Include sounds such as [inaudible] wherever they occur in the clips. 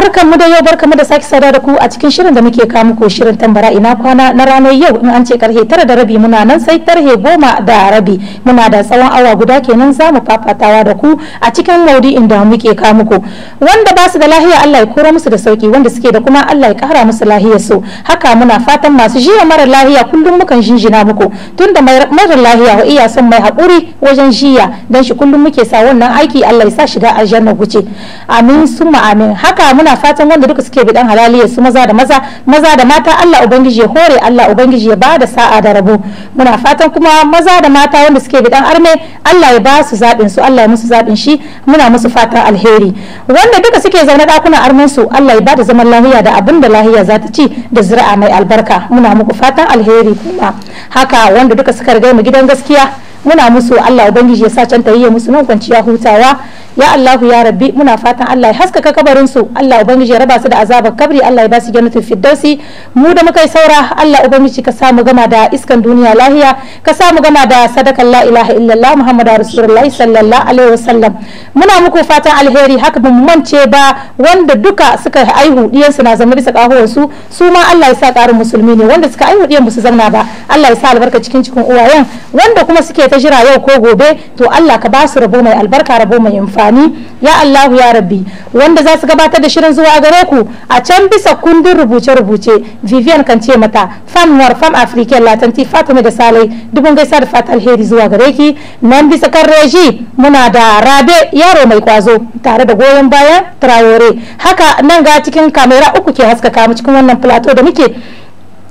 barkan mu da yau barkan mu da saki sada da ku a cikin shirin da muke kawo muku shirin tambara ina kwana na ranar yau in an ce karhe tara da rabi muna nan sai tarhe goma da rabi muna da tsawon awa guda kenan za mu fafatawa da ku a cikin maudu'in inda muke kawo muku wanda ba su da lahiya Allah ya kora musu da sauki wanda suke da kuma Allah ya kara musu lahiya su haka muna fatan masu jiya mara lahiya kullum mukan jinjina muku tunda mara lahiya wa iya son mai hakuri wajen jiya dan shi kullum muke sa wannan aiki Allah ya sa shiga aljanna guce amin summa amin haka muna muna fatan wanda duka suke bidan halaliya su maza da maza maza da mata Allah ubangiji ya hore Allah ubangiji ya bada sa'a da rabo muna fatan kuma maza da mata wanda suke bidan arme Allah ya ba su zabin su Allah ya musu zabin shi muna musu fatan alheri wanda duka suke zaune dakunan armen su Allah ya bada zaman lahiya da abin da lahiya za ta ci da zuri'a mai albarka muna muku fatan alheri kuma haka wanda duka suka riga mu gidan gaskiya muna musu Allah ubangiji ya sa can ta yi musu nan kwanciya hutawa ya Allahu ya rabbi muna fatan Allah ya haskaka kabarin su Allah ubangiji ya raba su da azabar kabri Allah ya ba su jannatul firdausi mu da muka yi saura Allah ubangiji ka samu gama da iskan duniya lahiya ka samu gama da sadakan la ilaha illallah muhammadu rasulullahi sallallahu alaihi wasallam muna muku fatan alheri haka ba mu mance ba wanda duka suka aihu diyan su na zama bisa kahuwar su su ma Allah ya sa karin musulmi ne wanda suka aihu diyan su zamna ba Allah ya sa albarka cikin cikin uwayen wanda kuma suke ta jira yau ko gobe to Allah ka ba su rabo mai albarka rabo mai infani amfani ya Allahu ya rabbi wanda za su gabatar da shirin zuwa gare ku a can bisa kundin rubuce-rubuce Vivian kan ce mata fanwar fam African latanti Fatima da Salai dubun gaisa da fatan alheri zuwa gare ki nan bisa kan reji muna da Rabe yaro mai kwazo tare da goyon baya Traore haka nan ga cikin kamera uku ke haskaka mu cikin wannan plateau da muke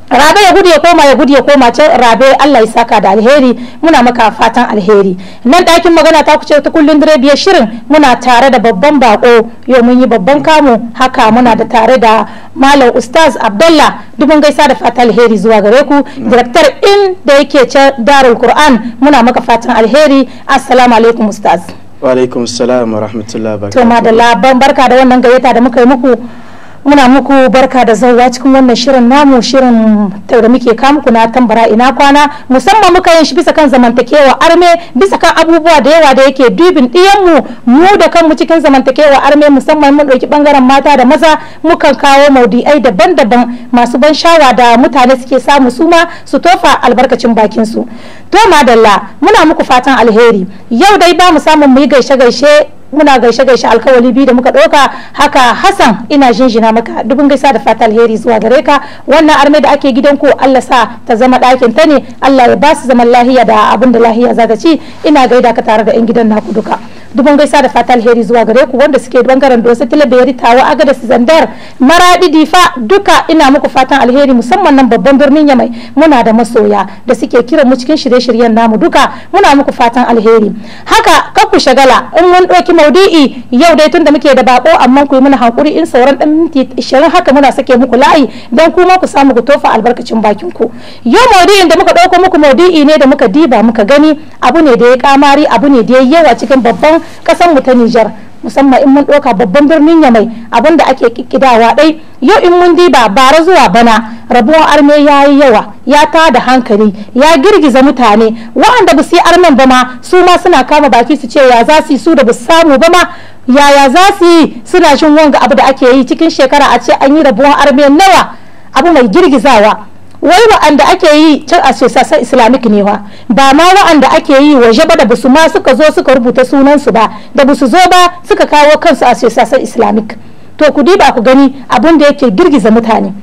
rabe ya gudu ya koma ya gudu ya koma can rabe Allah ya saka da alheri muna maka fatan alheri nan ɗakin magana ta kuce ta kullun direbiyar shirin muna tare da babban bako yau mun yi babban kamu haka muna da tare da malam ustaz abdullah dubun gaisa da fatan alheri zuwa gare ku direktar in da yake can darul qur'an muna maka fatan alheri assalamu alaikum ustaz wa alaikum assalam wa rahmatullahi wa barakatuh to madalla barka da wannan gayyata da muka yi muku muna muku barka da zauwa cikin wannan shirin namu shirin da muke kamku na tambara ina kwana musamman muka yin shi bisa kan zamantakewa arme bisa kan abubuwa da yawa da yake dubin ɗiyanmu mu da kanmu cikin zamantakewa arme musamman mun ɗauki ɓangaren mata da maza mukan kawo maudi'ai daban-daban masu ban shawa da mutane suke samu su ma su tofa albarkacin bakin su to madalla muna muku fatan alheri yau dai ba mu samun mu yi gaishe-gaishe muna gaishe gaishe alkawali biyu da muka ɗauka haka hasan ina jinjina maka dubin gaisa da fata alheri zuwa gare ka wannan arme da ake gidan ku allah sa ta zama ɗakin ta ne allah ya ba su zaman lahiya da abin da lahiya za ta ci ina gaida ka tare da yan gidan naku duka dubin gaisa da fata alheri zuwa gare ku wanda suke bangaren dosa tilabiyar tawa aga su zandar maradi difa duka ina muku fatan alheri musamman nan babban birnin yamai muna da masoya da suke kiran mu cikin shirye-shiryen namu duka muna muku fatan alheri haka ku shagala in mun ɗauki maudu'i yau dai tunda muke da bako amma ku yi mana hankuri in sauran dan minti 20 haka muna sake muku layi dan kuma ku samu ku tofa albarkacin bakin ku yau maudu'in da muka dauko muku maudu'i ne da muka diba muka gani abu ne da ya kamari abu ne da ya yawa cikin babban kasan mu ta Nijar musamman in mun ɗauka babban birnin yamai da ake kikkidawa dai yau in mun diba bara zuwa bana rabuwar arme ya yi yawa ya ta da hankali ya girgiza mutane waɗanda ba su yi armen ba ma su ma suna kama baki su ce ya za su yi su da ba su samu ba ma yaya za su yi suna shin wanga abu da ake yi cikin shekara a ce an yi rabuwar arme nawa abu mai girgizawa wai wa'anda ake yi can a sassan islamic ne wa ba ma wa'anda ake yi waje ba da basu ma suka zo suka rubuta sunansu ba da basu zo ba suka kawo kansu a sassan islamic to ku diba ku gani abin da yake girgiza mutane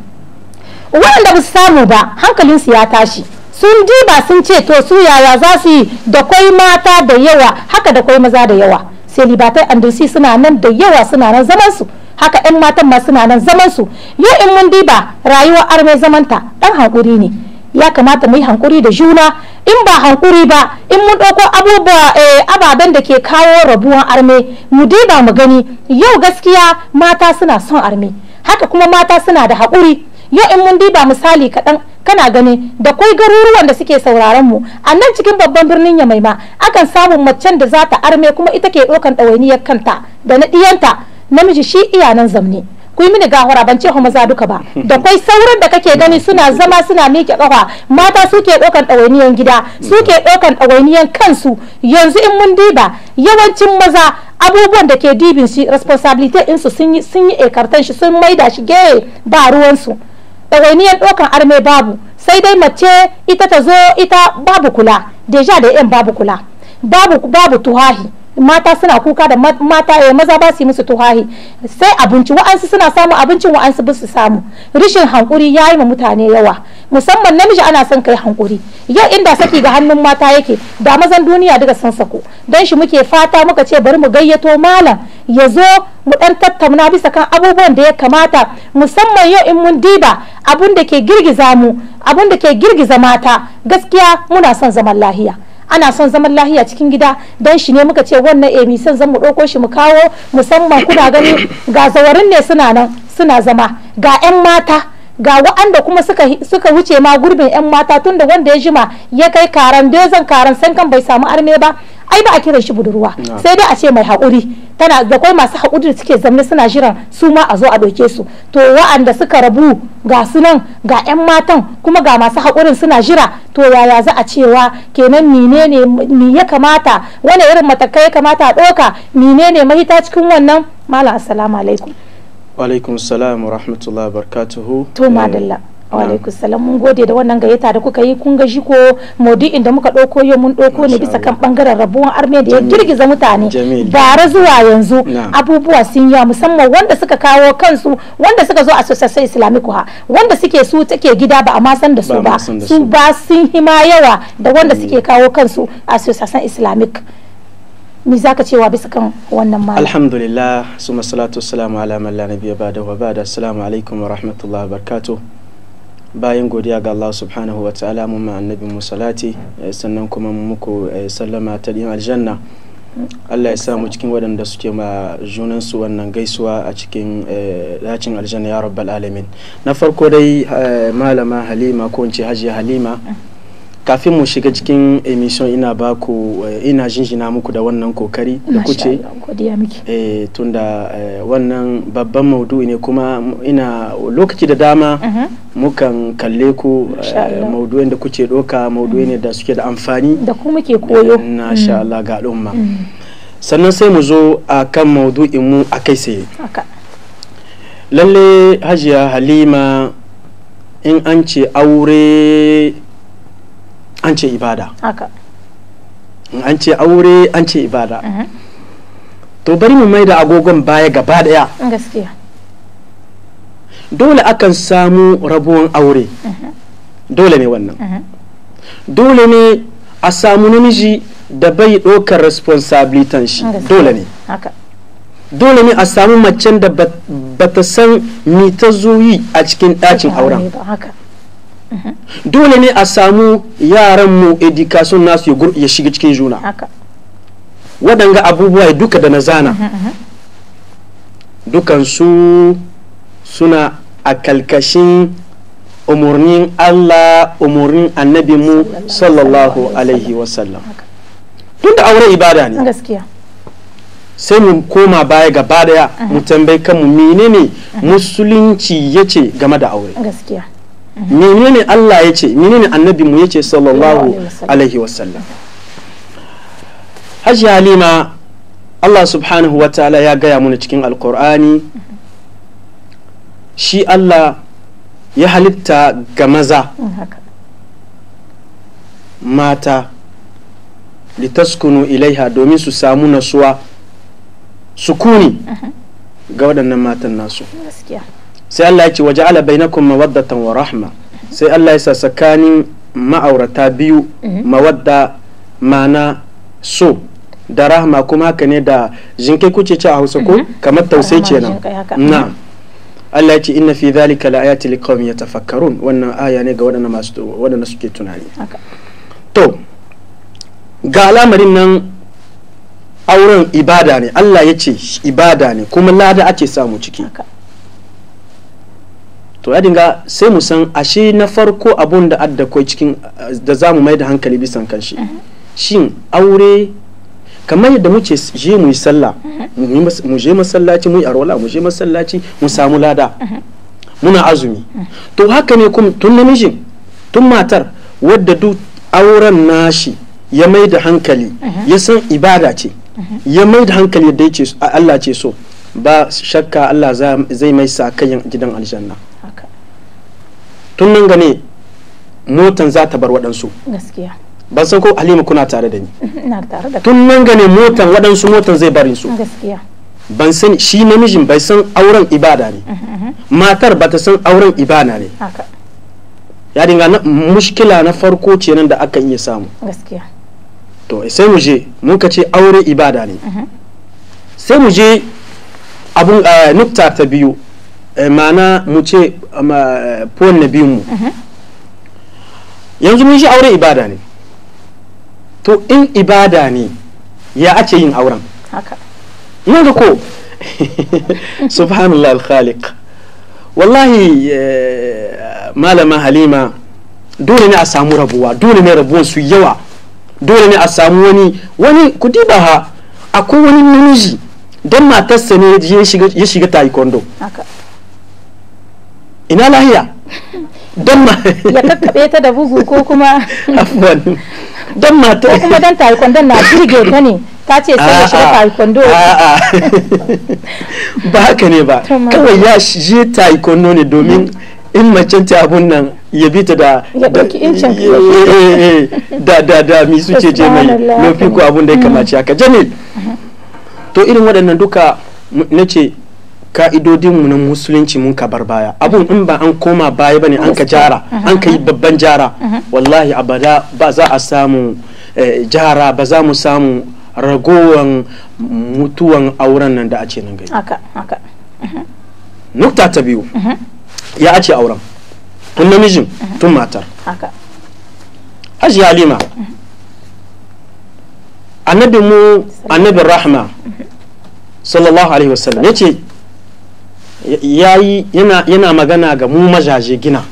wa'anda ba su samu ba hankalinsu ya tashi sun diba sun ce to su yaya za su yi da kwai mata da yawa haka da kwai maza da yawa sai libatai andalusi suna nan da yawa suna nan zaman su haka yan matan masu na nan zaman su yau in mun diba rayuwar arme zamanta dan hankuri ne ya kamata mu yi hankuri da juna in ba hankuri ba in mun ɗauko abubuwa eh, ababen da ke kawo rabuwar arme mu diba mu gani yau gaskiya mata suna son arme haka kuma mata suna da hakuri yau in mun diba misali kaɗan kana gani da kwai garuruwan da suke sauraron mu a nan cikin babban birnin yamaima akan samun macen da za ta arme kuma ita ke ɗaukan ɗawainiyar kanta da na ɗiyanta namiji shi iya nan zamne ku yi mini gahura ban ce maza duka ba da kwai sauran da kake gani suna zama suna miƙe ƙafa mata suke ɗaukan ɗawainiyan gida suke ɗaukan ɗawainiyan kansu yanzu in mun diba yawancin maza abubuwan da ke dibin shi responsibility su sun yi ekartan shi sun maida shi ge ba ruwansu ɗawainiyan ɗaukan arme babu sai dai mace ita ta zo ita babu kula deja da yan babu kula babu babu tuhahi mata suna kuka da mata ya eh, maza ba su yi musu tuhahi sai abinci wa'ansu suna samu abincin wa'ansu ba su samu rishin hankuri ya yi ma mutane yawa musamman namiji ana son kai hankuri yau inda saki ga hannun mata yake da mazan duniya daga san sako don shi muke fata muka ce bari mu gayyato malam ya zo mu dan tattauna bisa kan abubuwan da ya kamata musamman yau in mun diba abun da ke girgiza mu abun da ke girgiza mata gaskiya muna son zaman lahiya ana son zaman lahiya cikin gida don shi ne muka ce wannan emi eh, son zan mu ɗauko shi mu kawo musamman kuna gani ga zawarin ne suna nan suna zama ga 'yan mata ga wa'anda kuma suka, wuce ma gurbin 'yan mata tunda wanda ya jima ya kai karan dozan karan san kan bai samu arme ba ai ba a kiran shi budurwa sai dai a ce mai haƙuri tana da kwai masu haƙuri da suke zamne suna jiran su ma a zo a ɗauke su to wa'anda suka rabu ga su nan ga 'yan matan kuma ga masu haƙurin suna jira to yaya za a cewa kenan mine ne ni ya kamata wani irin matakai ya kamata a ɗauka mine ne mahita cikin wannan malam assalamu alaikum wa alaikum salam wa rahmatullahi barakatuhu to madalla eh, alaikum salam mun gode da wannan gayyata da kuka yi kun ga shi ko maudu'in da muka ɗauko yau mun ɗauko ne bisa kan bangaren rabuwan armiya da ya girgiza mutane bara zuwa yanzu abubuwa sun yi musamman wanda suka kawo kansu wanda suka zo a sosai islamic ha wanda suke su take gida ba a ma san da su ba su ba sun hima yawa da wanda suke kawo kansu a sosai islamic me zaka cewa bisa kan wannan ma. alhamdulillah suma salatu wassalamu ala man la nabiyya da wa ba'da assalamu alaikum wa rahmatullahi wa barakatuh bayan godiya ga Allah subhanahu wa ta'ala mu ma annabi mu salati eh, sannan kuma muku eh, sallama ta din aljanna Allah ya sa mu cikin waɗanda suke ma junan su wannan gaisuwa a cikin dacin eh, aljanna ya rabbal alamin na farko dai malama halima ko in ce hajiya halima kafin mu shiga cikin emission ina ba ku eh, ina jinjina muku da wannan kokari da kuce eh, tunda eh, wannan babban maudu ne kuma ina lokaci da dama mm-hmm. mukan kalle ku maudu'in da kuce doka maudu'i ne mm. da suke da amfani da kuma ke koyo na sha mm. Allah ga al'umma mm. sannan sai mu zo a kan maudu'in mu a kai sai lalle hajiya halima in an ce aure an ce ibada an ce aure an ce ibada mhm. to bari mu mai da agogon baya gaba daya dole akan samu rabuwan aure mhm. dole ne wannan mhm. dole ne a samu namiji da bai ɗaukar responsibilitan shi dole ne dole ne a samu macen da bata san mita zuyi a cikin ɗacin auren dole ne a samu yaran mu education nasu ya shiga cikin juna waɗanga abubuwa duka da na zana dukansu suna a kalkashin umarnin Allah umarnin annabi mu sallallahu alaihi wasallam da aure ibada ne sai mu koma baya gaba daya mu tambayi kanmu menene musulunci ya ce game da aure gaskiya menene Allah ya ce menene annabi mu ya ce sallallahu alaihi wasallam hajji halima Allah subhanahu wa ta'ala ya gaya mana cikin alkur'ani shi Allah ya halitta ga maza mm, mata litaskunu ilaiha domin su samu nasuwa sukuni mm-hmm. ga waɗannan matan nasu sai Allah ya ce waje ala bainakum mawaddatan wa rahma sai Allah ya sa tsakanin ma'aurata biyu mhm. mawadda mana so da rahma kuma haka ne da jinkai kuce ce a Hausa ko mhm. kamar tausai ce nan na mhm. Allah ya ce inna fi dhalika la'ayati liqaumin yatafakkarun wannan aya ne ga waɗanda masu waɗanda suke tunani to ga al'amarin nan auren ibada ne Allah ya ce ibada ne kuma lada ake samu ciki to ya dinga sai mu san ashe na farko abun da adda ko cikin da za mu mai da hankali bisan kan shi uh-huh. shin aure kamar yadda muke je mu yi sallah uh-huh. mu je masallaci mu yi arwala mu je masallaci mu samu lada uh-huh. muna azumi to haka ne kuma tun namijin tun matar wadda duk auren nashi ya mai da hankali ya san ibada ce ya mai da hankali yadda Allah ce so ba shakka Allah zai mai sa kayan gidan aljanna tun nan gane motan za ta bar waɗansu ban san ko halima kuna tare da ni [laughs] tun nan gane motan waɗansu motan zai barin su ban san shi namijin bai san auren ibada ne mhm, mhm. matar ba ta san auren ibada ne ya dinga na mushkila na farko ce nan da aka iya samu to sai mu je ka ce auren ibada ne mhm. sai mu je abun eh, nukta ta biyu Eh, ma'ana mu ce fon eh, na biyun mu mhm. yanzu mun shi aure ibada ne to in ibada ne ya ace yin auren nan ga ko [laughs] subhanallah al-khaliq wallahi eh, malama halima dole ne a samu rabuwa dole ne rabuwan su yawa dole ne a samu wani wani kudi ba ha akwai wani namiji don matarsa ne ya shiga taekwondo ina lahiya don ma [laughs] ya kakkaɓe ta da bugu ko kuma [laughs] afwan don ma ta ko kuma dan taekwondo na jirge ta ne ta ce sai ya shiga taekwondo [laughs] ba haka ne ba kawai ya je taekwondo ne domin in macen ta abun nan ya bi ta da eh, eh, eh, da da da mi su ce je mai lofi ko abun da ya kamace haka jamil mhm. to irin waɗannan duka na ce ka'idodinmu na musulunci mun ka bar baya abun in ba an koma baya bane an ka jara an ka yi babban jara wallahi abada ba za a samu eh, jara ba za mu samu ragowan mutuwan auren nan da a ce nan gani nukta ta biyu ya a ce auren tun namijin tun matar ajiya lima annabi mu annabi rahma sallallahu alaihi wasallam ya ce yayi yana yana magana ga mu mazaje gina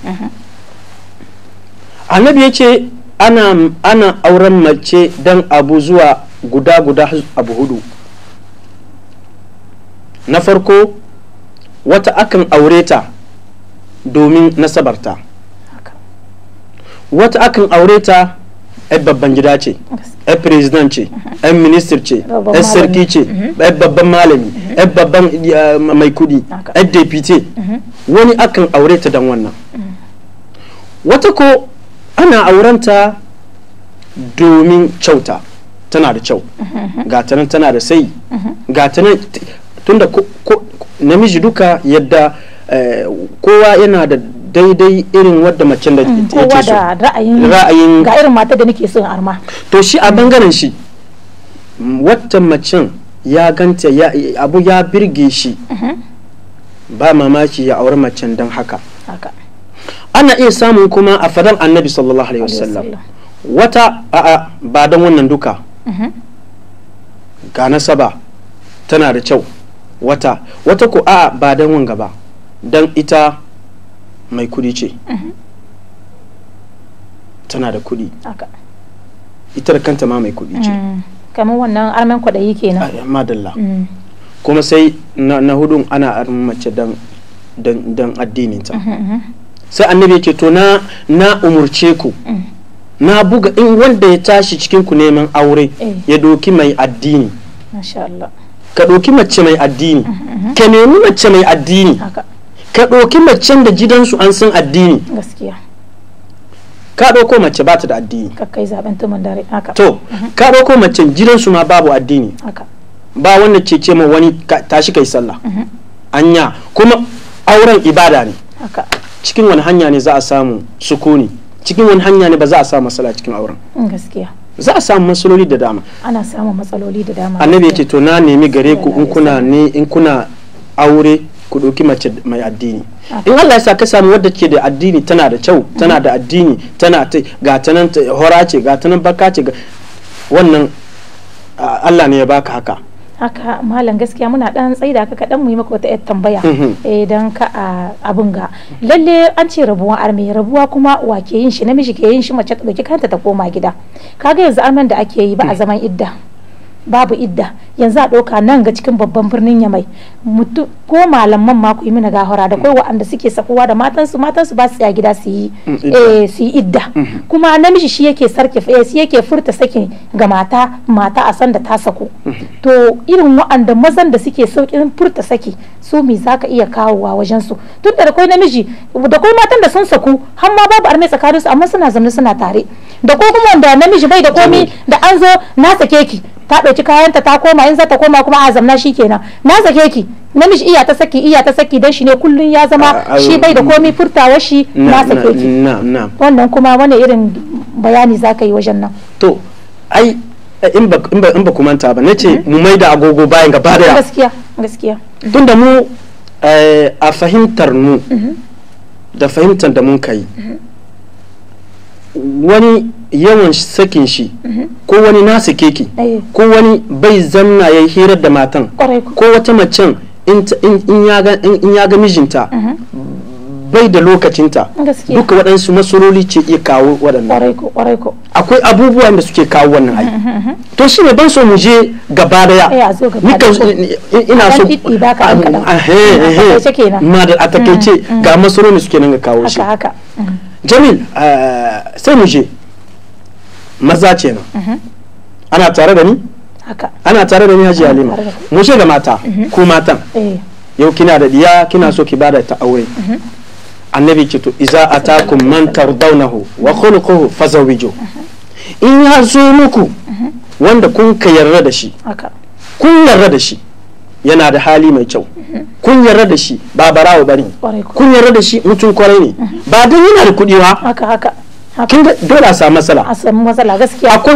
annabi ya ce ana ana auren mace dan abu zuwa guda guda abu hudu na farko wata akan aure ta domin nasabarta wata akan aure ta yan babban gida ce yan president ce yan minister ce yan sarki ce mhm. yan babban malami mhm. yan babban mai kudi yan deputy mhm. wani akan aure ta dan wannan mhm. wata ko ana aurenta domin kyauta tana da kyau mhm. gatanan tana da sai tun da namiji duka yadda eh, kowa yana da daidai irin wadda macen da yake so kowa da ra'ayin ga irin mata da nake son arma to shi a bangaren shi wata macen ya ganta abu ya birge shi mhm. ba mamaki ya auri macen don haka ana iya samun kuma a fadar annabi sallallahu alaihi wasallam wata a'a ba don wannan duka mhm. ga nasaba tana da kyau wata wata ko a'a ba don wanga ba don ita mai kudi ce mhm. tana da kudi ita da kanta ma mai kudi ce mm. kamar wannan arman kwaɗayi kenan madalla mm. kuma sai na hudun ana arman mace dan addininta mhm, mhm. sai annabi ce to na umurce ku mm. na buga in wanda ya tashi cikin ku neman aure eh. ya doki mai addini ka doki mace mai addini mm, ka nemi mace mai addini ka doki mace da gidansu an san addini gaskiya ka ɗauko mace ba ta da addini ka kai zaben tumun to mhm. ka ɗauko mace gidansu ma babu addini ba wanda ce ce ma wani tashi kai sallah mhm. anya kuma auren ibada ne cikin wani hanya ne za a samu sukuni cikin wani hanya ne ba za a samu matsala cikin auren mm, gaskiya za a samu matsaloli da dama ana samu matsaloli da dama annabi yace to na nemi gare ku in kuna ne in kuna aure ku ɗauki mace mai addini in Allah ya sa ka samu wadda ke da addini tana da kyau tana da addini tana ta ga ta nan hora ce ga ta nan baka ce wannan Allah ne ya baka haka haka malam gaskiya muna dan tsaida ka kadan mu yi maka wata yar tambaya idan mm-hmm. eh, ka abun ga lalle an ce rabuwa arme rabuwa kuma wa ke yin shi namiji ke yin shi mace ta dauki kanta ta koma gida kaga yanzu armen da ake yi ba a mm. zaman idda babu idda yanzu a ɗauka nan ga cikin babban birnin ya yamai ko malaman ma ku yi mina gahara da kai wa'anda suke sakuwa da matansu matansu ba su ya gida su yi mm, eh, su yi idda mm-hmm. kuma namiji shi yake sarki eh, shi yake furta sakin ga mata mata a san da ta saku mm-hmm. to irin wa'anda mazan da suke saukin furta saki su za ka iya kawowa wajen su tun da kai namiji da kai matan da sun saku har ma babu arme tsakaninsu amma suna zaune suna tare da ko kuma wanda namiji bai da komi da an zo na sake ki ta ɗauki kayanta ta koma in za ta koma kuma a zamna shi kenan na zake ki namiji iya ta saki iya ta saki dan shi ne kullun ya zama shi bai da mm, komi furtawa shi na sake ki wannan kuma wani irin bayani za ka yi wajen nan to ai in ba kuma ta ba na ce mm-hmm. mu mai da agogo bayan gaba daya gaskiya gaskiya tun da mu eh, a fahimtar mu mm-hmm. da fahimtar da mun kai mm-hmm. wani yawan sakin shi mhm. ko wani na sake ki ko wani bai zanna ya hirar da matan ko wata macen in ya ga mijinta mhm. bai da lokacinta duka waɗansu masaroli ce iya kawo waɗannan akwai abubuwa da suke kawo wannan ai mhm, to shi ne ban so mu je gaba daya ina so ah, ma da a takaice mm, mm. ga masaroli suke nan ga kawo shi mm. jamil eh, sai mu je maza ce nan ana tare da ni ana tare da ni haji halima mu da mata mhm. ko matan eh. yau kina da diya kina so ki bada ta aure mhm. annabi ce to iza atakum man tardawnahu wa khuluquhu fazawiju mhm. in ya zo muku wanda kun ka yarda da shi kun yarda da shi yana da hali mai kyau kun yarda da shi ba barawo bane kun yarda da shi mutum kwarai ne ba dan yana da kuɗi ba haka haka kin ga dole a samu matsala a samu matsala gaskiya akwai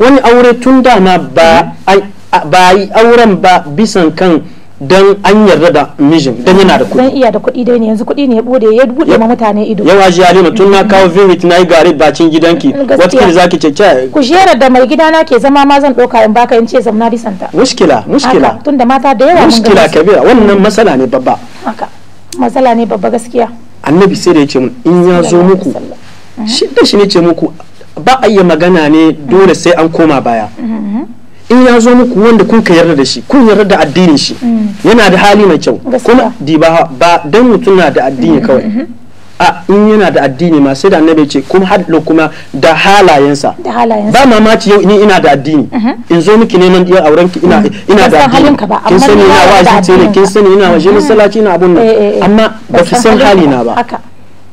wani aure tun dama ba hmm. ba yi auren ba bisan kan don an yarda da mijin don yana da kuɗi don iya da kuɗi dai ne yanzu kuɗi ne ya bude ya bude ma mutane ido yawa ji halima tun na kawo vinit na yi gari bacin gidanki hmm, watakila za ki cece ku shera da mai gidana ke zama ma zan ɗauka in baka in ce zamna bisanta muskila muskila tun da mata da yawa muskila kabira wannan matsala ne babba haka matsala ne babba gaskiya annabi sai da ya ce mun in ya zo muku shi da shi ne ce muku ba a yi magana ne dole sai an koma baya in ya zo muku wanda kun ka yarda da shi kun yarda da addinin shi yana da hali mai kyau kuma di ba ba dan mutum na da addini kawai mm-hmm. a in yana da addini ma sai da annabi ce kuma hadlo kuma da halayensa ba mamaci yau ni ina da addini mm-hmm. in zo miki neman iya auren ki ina mm-hmm. ina da addini kin sani ina wajibi ne kin sani ina wajibi masallaci ina abun nan eh, eh, eh. amma ba ki san hali na ba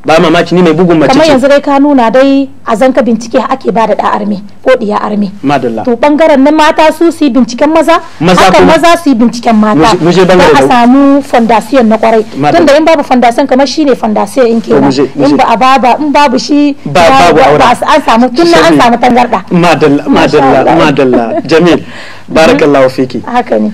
ba mamaci ni mai bugun mace kamar yanzu dai ka nuna dai a zanka bincike ake ba da arme ko diya arme madalla to bangaren nan mata su su binciken maza haka maza su binciken mata ba a samu fondasiyon na kwarai tunda in babu fondasiyon kamar shine fondasiyon in kenan in ba a baba in babu shi ba an samu tunna an samu tangarda madalla madalla madalla jamil [laughs] hmm? barakallahu fiki haka ne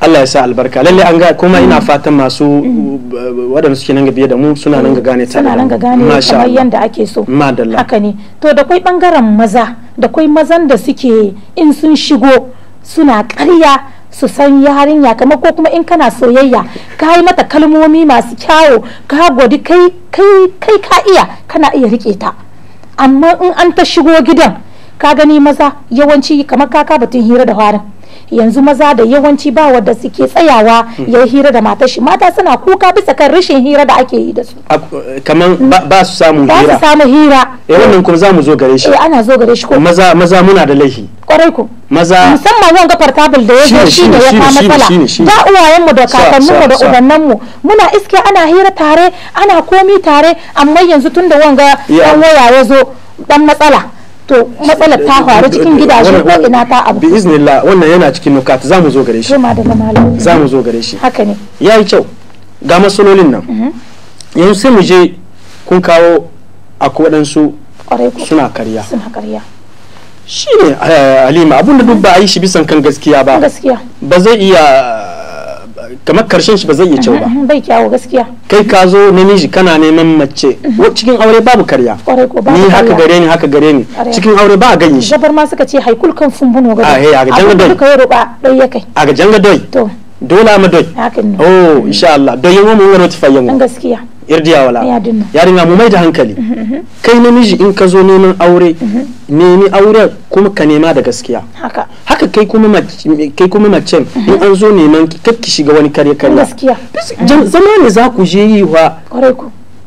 Allah ya sa albarka lalle an ga kuma ina mm. fatan masu mm. waɗanda suke nan biye da mu suna nan ga gane ta suna nan ga gane kamar yanda ake so haka ne to da kai bangaren maza da kai mazan da suke in sun shigo suna ƙarya su san yarinya kamar ko kuma in kana soyayya ka yi mata kalmomi masu kyawo ka gwadi kai kai kai ka iya kana iya rike ta amma in an ta shigo gidan ka gani maza yawanci kamar kaka batun hira da harin yanzu maza da yawanci ba wanda suke tsayawa hmm. ya hira da mata shi mata suna kuka bisa kan rashin hira da ake yi da su kaman ba su samu hira ba su samu hira eh wannan kuma zamu zo gare shi eh ana zo gare shi ko maza maza muna da laifi kwarai ko maza musamman wanga fartabul da yake shi ne ya kama matsala ba uwayen mu da kakannin mu da ubannan mu muna iske ana hira tare ana komi tare amma yanzu tunda wanga dan waya ya zo dan matsala to matsalar ta faru cikin gidaje ko ina ta abu bi wannan yana cikin nukat zamu zo gare shi za mu zo gare shi haka ne yayi kyau ga masalolin nan mhm. yanzu sai mu je kun kawo akwai waɗansu suna karya suna karya shine eh, halima abinda duk ba a yi shi bisan kan gaskiya ba gaskiya ba zai iya kamar karshen shi ba zai iya kyau ba bai kyawo gaskiya kai ka zo namiji kana neman mace cikin aure babu karya ni haka gare ni haka gare ni cikin aure ba a ganye shi gabar ma suka ce haikul kan fumbuno gaba a ga janga doi a ga janga doi to dola ma doi oh insha Allah doi yawo mun ga notify yawo gaskiya irdiya wala yarinya mu mai da hankali [laughs] kai namiji in ka zo neman aure [laughs] nemi auren kuma ka nema da gaskiya haka kai kuma kai kuma macen [laughs] in an zo neman ki kar ki shiga wani karya karya gaskiya zama ne za ku je yi wa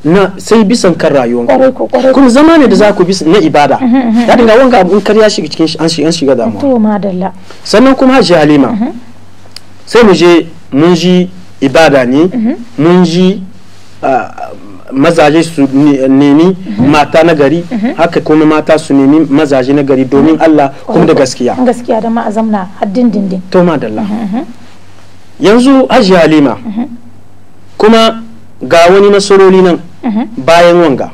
na sai bisan kan rayuwan kuma zama ne da za ku na ibada ya dinga wanga in karya shiga cikin an shiga damuwa sannan kuma halima sai mu je mun ji ibada ne mun ji mazaje su nemi mhm. mata na gari mhm. haka kuma mata su nemi mazaje na gari domin mhm. Allah kuma da gaskiya gaskiya da ma'azamna haddin dindin to madalla yanzu hajji halima kuma ga wani nasaroli nan bayan wanga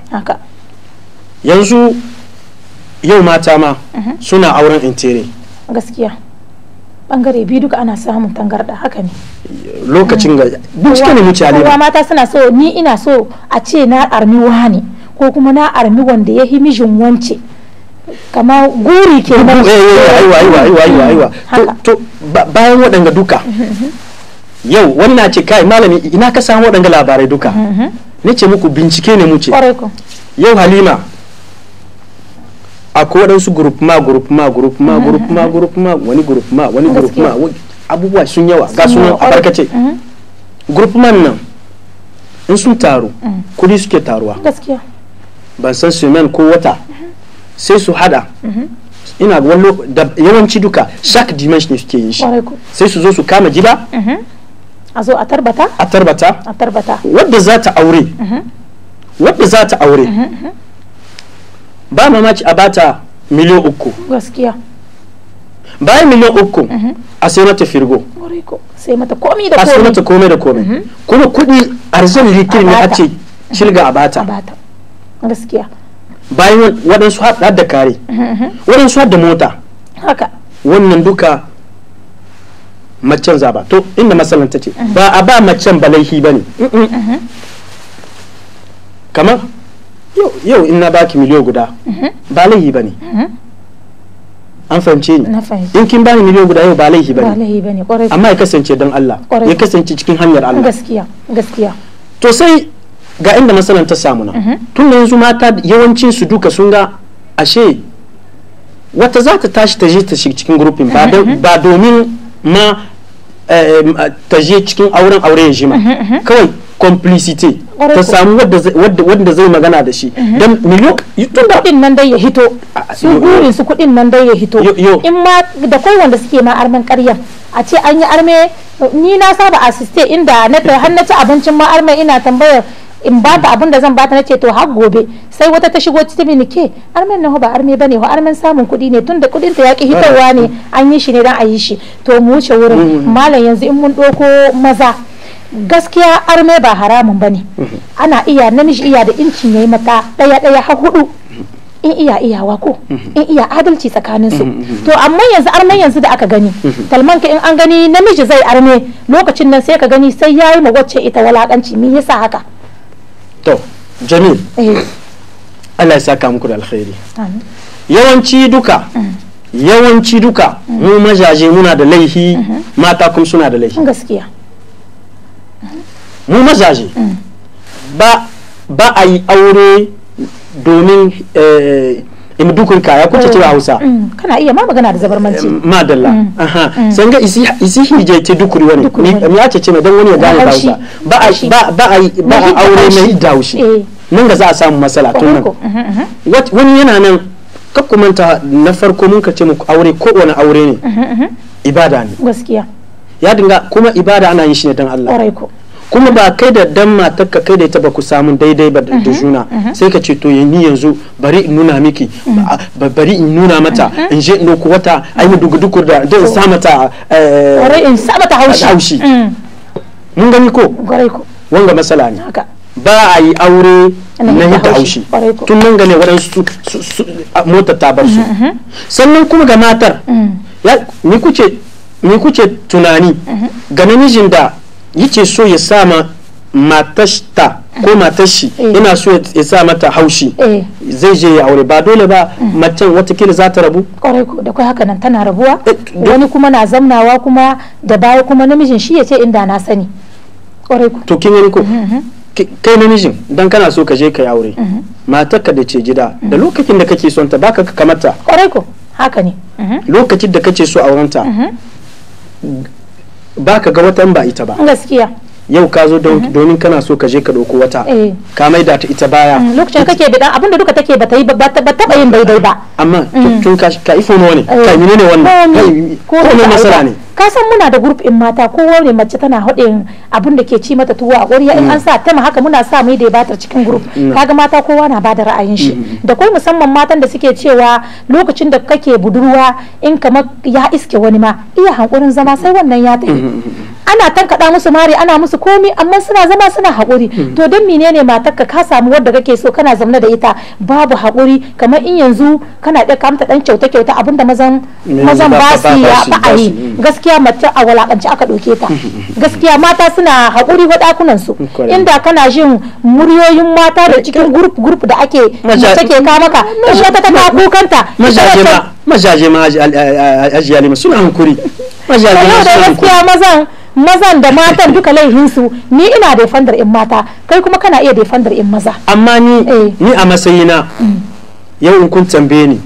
yanzu yau mata ma suna auren intere gaskiya bangare biyu duka ana samun tangarda haka ne lokacin ga bincike ne muci alima mata suna so ni ina so a ce na armi wani ko kuma na armi wanda ya yi mijin wance kama guri ke nan eh, eh, eh, aiwa aiwa aiwa aiwa aiwa to bayan waɗanga duka [laughs] yau wannan ce kai malami ina ka samu waɗanga labarai duka mhm. ne ce muku bincike ne muce yau halima akwai waɗansu group ma group ma group ma mm-hmm. group ma group ma wani group ma wani group ma abubuwa sun yawa ga sunan a barkace mm-hmm. group man nan in sun taru mm. kudi suke taruwa ban san sunan ko wata mm-hmm. sai su hada ina wallo da yawanci duka shak dimension suke yin shi sai su zo su kama gida a zo a tarbata a tarbata a tarbata wadda za ta aure wadda za ta aure ba mamaci a bata miliyan uku gaskiya bayan miliyan uku mhm. a sai mata firgo a sai mata komai da komai mhm. kuma kudi arzon litin ne a ce shirga a bata gaskiya bayan waɗansu haɗa da kare mhm, waɗansu haɗa mota haka wannan duka macen zaba to inda masalanta ce ba a ba macen balaihi ba ne kamar yau in na baki miliyo guda mhm. ba laihi ba ne mhm. an fahimce ni in kin bani miliyo guda yau ba laihi ba ne amma ya kasance don Allah ya kasance cikin hanyar Allah gaskiya gaskiya to sai ga inda masalan ta samu na mhm. tun da yanzu mata yawancin su duka sun ga ashe wata za ta tashi ta je ta shiga cikin grupin ba domin eh, ma ta je cikin auren aure ya jima kawai complicity ta samu wanda zai magana da shi don da kudin nan dai ya hito ah, su gurin su kudin nan dai ya hito in ma da kai wanda suke ma arman karyar a ce an yi arme ni na saba asiste inda na ta har na ci abincin ma arme ina tambayar in ba da abin da zan bata nace to har gobe sai wata ta shigo ta mini ke armen na ba arme bane ho armen samun kudi ne tunda kudin ta yaki hitowa ne an yi shi ne dan a yi shi to mu wuce wurin mm. malam yanzu in mun doko maza gaskiya arme ba haramun ba ne mhm. ana iya namiji iya da incin yayi mata daya daya har hudu in iya iyawa ko mhm. in iya adalci tsakanin su mhm, to amma yanzu arme yanzu da aka gani talman ka in an gani namiji zai arme lokacin nan sai ka gani sai yayi ma wacce ita walakanci me yasa haka to jamil eh. Allah ya saka muku da alkhairi yawanci duka mm. yawanci duka mu mm. majaje muna da laifi mm-hmm. mata kuma suna da laifi. gaskiya mu mazaje mm. ba ba a yi aure domin eh, in dukun kaya kuce cewa mm. hausa mm. kana iya ma magana da zabarmanci eh, madalla aha sai ga isi isi hije ce dukuri wani ni ya ce ce dan wani ya gane ba hausa ba a ba a ba a aure mai daushi eh. nan ga za a samu matsala tun nan mm-hmm, mm-hmm. wani yana nan ka kumanta na farko mun ka ce mu aure ko wani aure ne mm-hmm, ibada ne gaskiya ya dinga kuma ibada ana yin shi ne dan Allah kuma ba kai da dan ka kai da ita ba ku samu daidai ba da mhm. juna mhm. sai ka ce to ni yanzu bari in nuna miki mhm. bari in nuna mata in je in dauko wata ai mu dugu dukur da in sa mata eh, in sa mata haushi mm. mun gani ko wanga matsala ne ba a yi aure na yi ta haushi tun nan gane waɗansu mota ta bar su sannan kuma ga matar ni mm. kuce tunani ga namijin da yace so ya sama matashta ko matashi eh. yana so ya sa mata haushi eh. zai je ya aure ba dole ba mm. macen watakila za ta rabu da kai haka nan tana rabuwa eh, wani kuma na zamnawa kuma da baya kuma namijin shi ya ce inda na sani to kin gani ko mm-hmm. kai namijin dan kana so ka je ka aure mm-hmm. matarka da ce gida da mm-hmm. lokacin da kake son ta baka ka kamata kwarai ko haka ne lokacin da kace so aurenta baka ga watan ba ita ba gaskiya yau ka zo mhm. domin kana so ka je ka ɗauko wata eh. ka da ta ita baya mm, lokacin kake dan abinda duka take ba ta yi ba taɓa yin daidai ba amma mm. tun ka ifo ne eh. ka yi ne wannan ko ne masara ne ka san muna da group in mata kowa ne mace tana haɗe abin da ke ci mata tuwo a ƙwarya in an sa tema haka muna sa mai da batar cikin group mm. kaga mata kowa na bada ra'ayin shi mm-hmm. da kai musamman matan da suke cewa lokacin da kake budurwa in kamar ya iske wani ma iya hankurin zama sai wannan ya tafi mm-hmm. ana tankaɗa musu mare ana musu komi amma suna zama suna haƙuri hmm. to don menene matarka ka samu wadda kake so kana zaune da ita babu haƙuri kamar in yanzu kana da kamta ɗan kyauta kyauta abinda mazan mazan ba su ya ba'ayi gaskiya mace a walakanci aka ɗauke ta [laughs] gaskiya mata suna haƙuri wa dakunan su inda kana jin muryoyin mata da cikin group group da ake mace ke ka maka ta shi ta kukanta mazaje ma mazaje ma ajiyali suna hankuri gaskiya mazan mazan da matan duka laihinsu ni ina defandar in mata kai kuma kana iya defandar in maza amma ni eh. ni a matsayina mm. yau in kun tambaye ni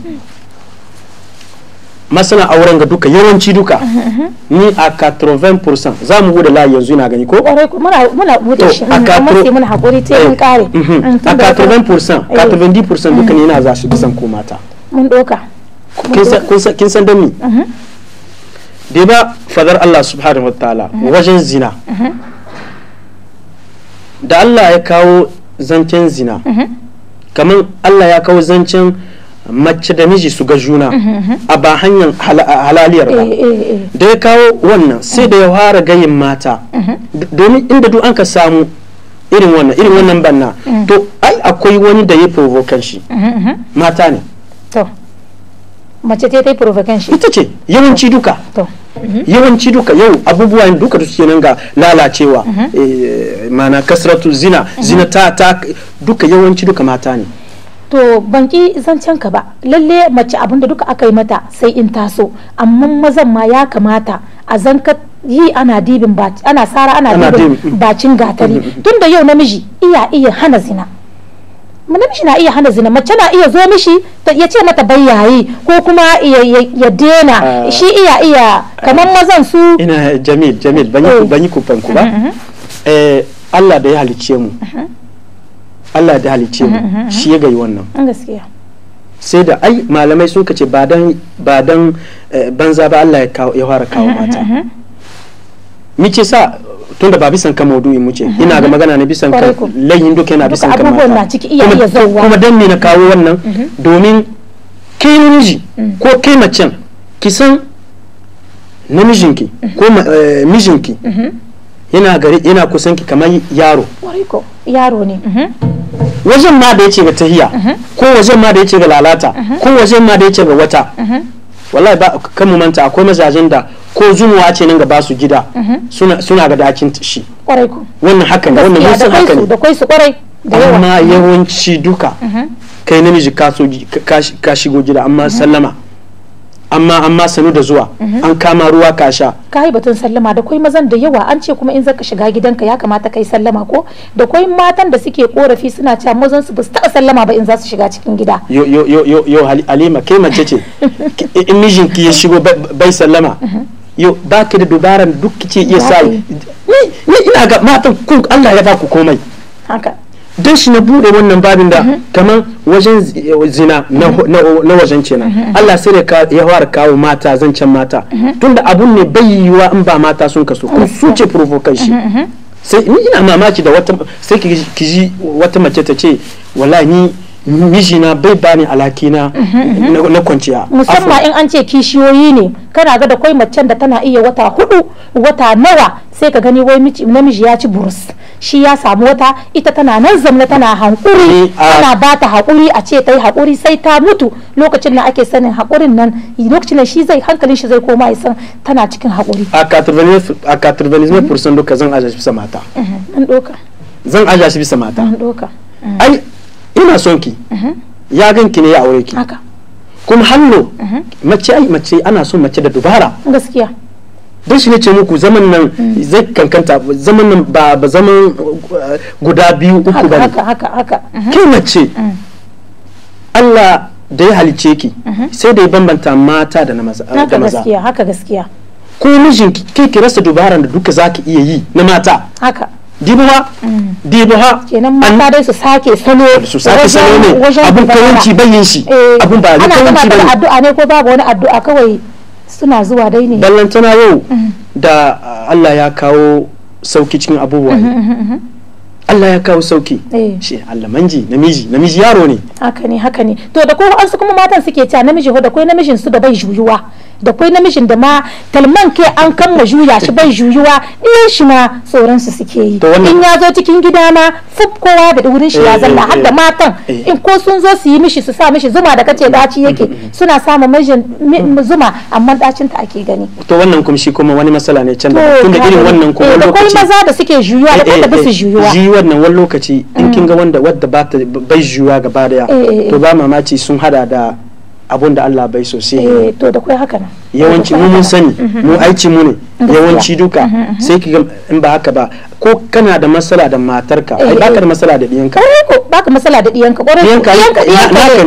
masana auren ga duka yawanci duka ni a 80% za mu gode la yanzu ina gani ko muna muna bude shi mm, amma sai muna hakuri ta yin kare a 80% 90% eh. duka ni mm. ina za su bisan ko mata mun doka kin san kin san da ni dai ba fadar Allah subhanahu wataala wajen zina da Allah ya kawo zancen zina kamar Allah ya kawo zancen mace da miji su ga juna a ba hanyar halaliyar ba da ya kawo wannan sai da ya fara gayin mata domin inda duk an ka samu irin wannan irin wannan banna to ai akwai wani da ya provokan shi mata ne mace ta yi provocation shi ita ce yawanci duka mhm. yawanci duka yau abubuwan duka suke nan ga lalacewa mhm. eh, mana kasratu zina mhm. zina ta ta duka yawanci duka mata ne to ban ki zancen ka ba lalle mace abinda da duka aka yi mata sai in taso amma mazan ma ya kamata a zanka yi ana dibin ana sara ana dibin bacin gatari tunda yau namiji iya iya hana zina namiji na iya hana zina mace na iya zo mishi ya ce mata bayyayi ko kuma ya dena ah. shi iya iya kamar ah. mazan su ina jamil jamil ban yi kufan ku oh. ba mm-hmm. eh, Allah da ya halice mu mm-hmm. Allah da halice mu mm-hmm. shi ya gayi wannan sai da ai malamai sun ce ba dan eh, banza ba Allah ya fara kawo mata muke sa tunda ba bisan ka maudu'i mu ina ga magana ne bisan ka layin duka yana bisan iya mata kuma dan me na kawo wannan mhm. domin kai namiji mm. ko kai macen ki san namijinki mm-hmm. ko eh, mijinki mm-hmm. yana gari yana kusan ki kamar yaro yaro ne mm-hmm. wajen ma da yace ga tahiya ko wajen ma da yace ga lalata ko wajen ma da yace ga wata wallahi ba kan mu manta akwai mazajin da ko zumuwa ce nan gaba su gida mhm. suna suna ga dacin shi kwarai ku wannan hakan wannan musu hakan da kai su kwarai amma mhm. yawanci duka mhm. kai namiji ka shigo gida amma sallama amma amma sanu da zuwa mhm. an kama ruwa ka sha kai batun sallama da kai mazan da yawa an ce kuma in zaka shiga gidanka ya kamata kai sallama ko da kai matan da suke korafi suna cewa mazan su basu taba sallama ba in za su shiga cikin gida yo yo yo yo halima kai mace ce [laughs] in mijinki ya shigo bai sallama mhm. yo ba ki da dubaran duk kike iya sai ni ina ga matan ku Allah ya ba ku komai haka don shi na bude wannan babin da mhm. kamar wajen eh, zina na wajen kenan mhm. Mhm. Allah sai ya fara kawo mata zancen mata tunda abun ne bai yiwuwa in ba mata sun kaso ko su ce shi sai ni ina mamaki da wata sai ki ji wata mace ta ce wallahi ni mijina bai bani alhaki mhm, na mhm. na kwanciya musamman in an ce kishiyoyi ne kana ga da kwai macen da tana iya wata hudu wata nawa sai ka gani wai namiji ya ci burus shi ya samu wata ita tana nan zamna tana hankuri tana ba ta hakuri a ce ta yi hakuri sai ta mutu lokacin da ake sanin hakurin nan lokacin na shi zai hankalin shi zai koma ya san tana cikin hakuri a 99% mhm. duka zan aja shi bisa mata zan aja shi bisa mata ina son ki mhm. ya gan ki ne ya aure ki kuma hannu mhm. mace ai mace ana son mace da dubara gaskiya don shi ne ce muku zaman nan mm. zai kankanta zaman nan ba ba zaman uh, guda biyu uku ba haka haka haka mhm. ke mace mm. Allah da ya halice ki sai da ya bambanta mata da maza haka gaskiya haka gaskiya ko mijinki ke ki rasa dubaran da duka zaki iya yi na mata haka dibuwa mm. dibuwa kenan mata dai su sake salo su sake sano ne abun kawanci bayin shi eh, abun ba da kawanci bane ana addu'a ne ko babu wani addu'a kawai suna zuwa dai ne ballan tana yau mm. da ah, Allah ya kawo sauki cikin abubuwa mm-hmm, mm-hmm. Allah ya kawo sauki eh. shi Allah manji namiji namiji yaro ne haka ne haka ne to da ko an su kuma matan suke cewa namiji ho da ko namijin su da bai juyuwa da kwai namijin da ma talman kai an ma juya shi bai juyuwa ɗiyan eh, shi ma tsoron su suke yi in ya zo cikin gida ma fuf kowa da wurin shi ya zalla har da eh, eh, matan in ko sun zo su yi mishi su sa mishi zuma da kace daci mm-hmm, yake mm-hmm. suna samun mijin mm-hmm. zuma amma dacin ta ake gani to wannan kuma shi kuma wani masala ne can da tunda irin wannan kuma wani lokaci maza da suke juyuwa da kuma ba su juyuwa ji wannan wani lokaci in kin ga mm. wanda wadda ba ta bai juyuwa gaba daya to ba mamaci sun hada da abun da Allah bai so sai eh, to da kai haka nan yawanci mu mun sani mhm, mhm. mu aici mu ne mhm, yawanci duka sai ki in ba haka ba ko kana da matsala da matarka ai eh, baka da eh. matsala da diyanka ai ko baka matsala da diyanka kwarai diyanka diyanka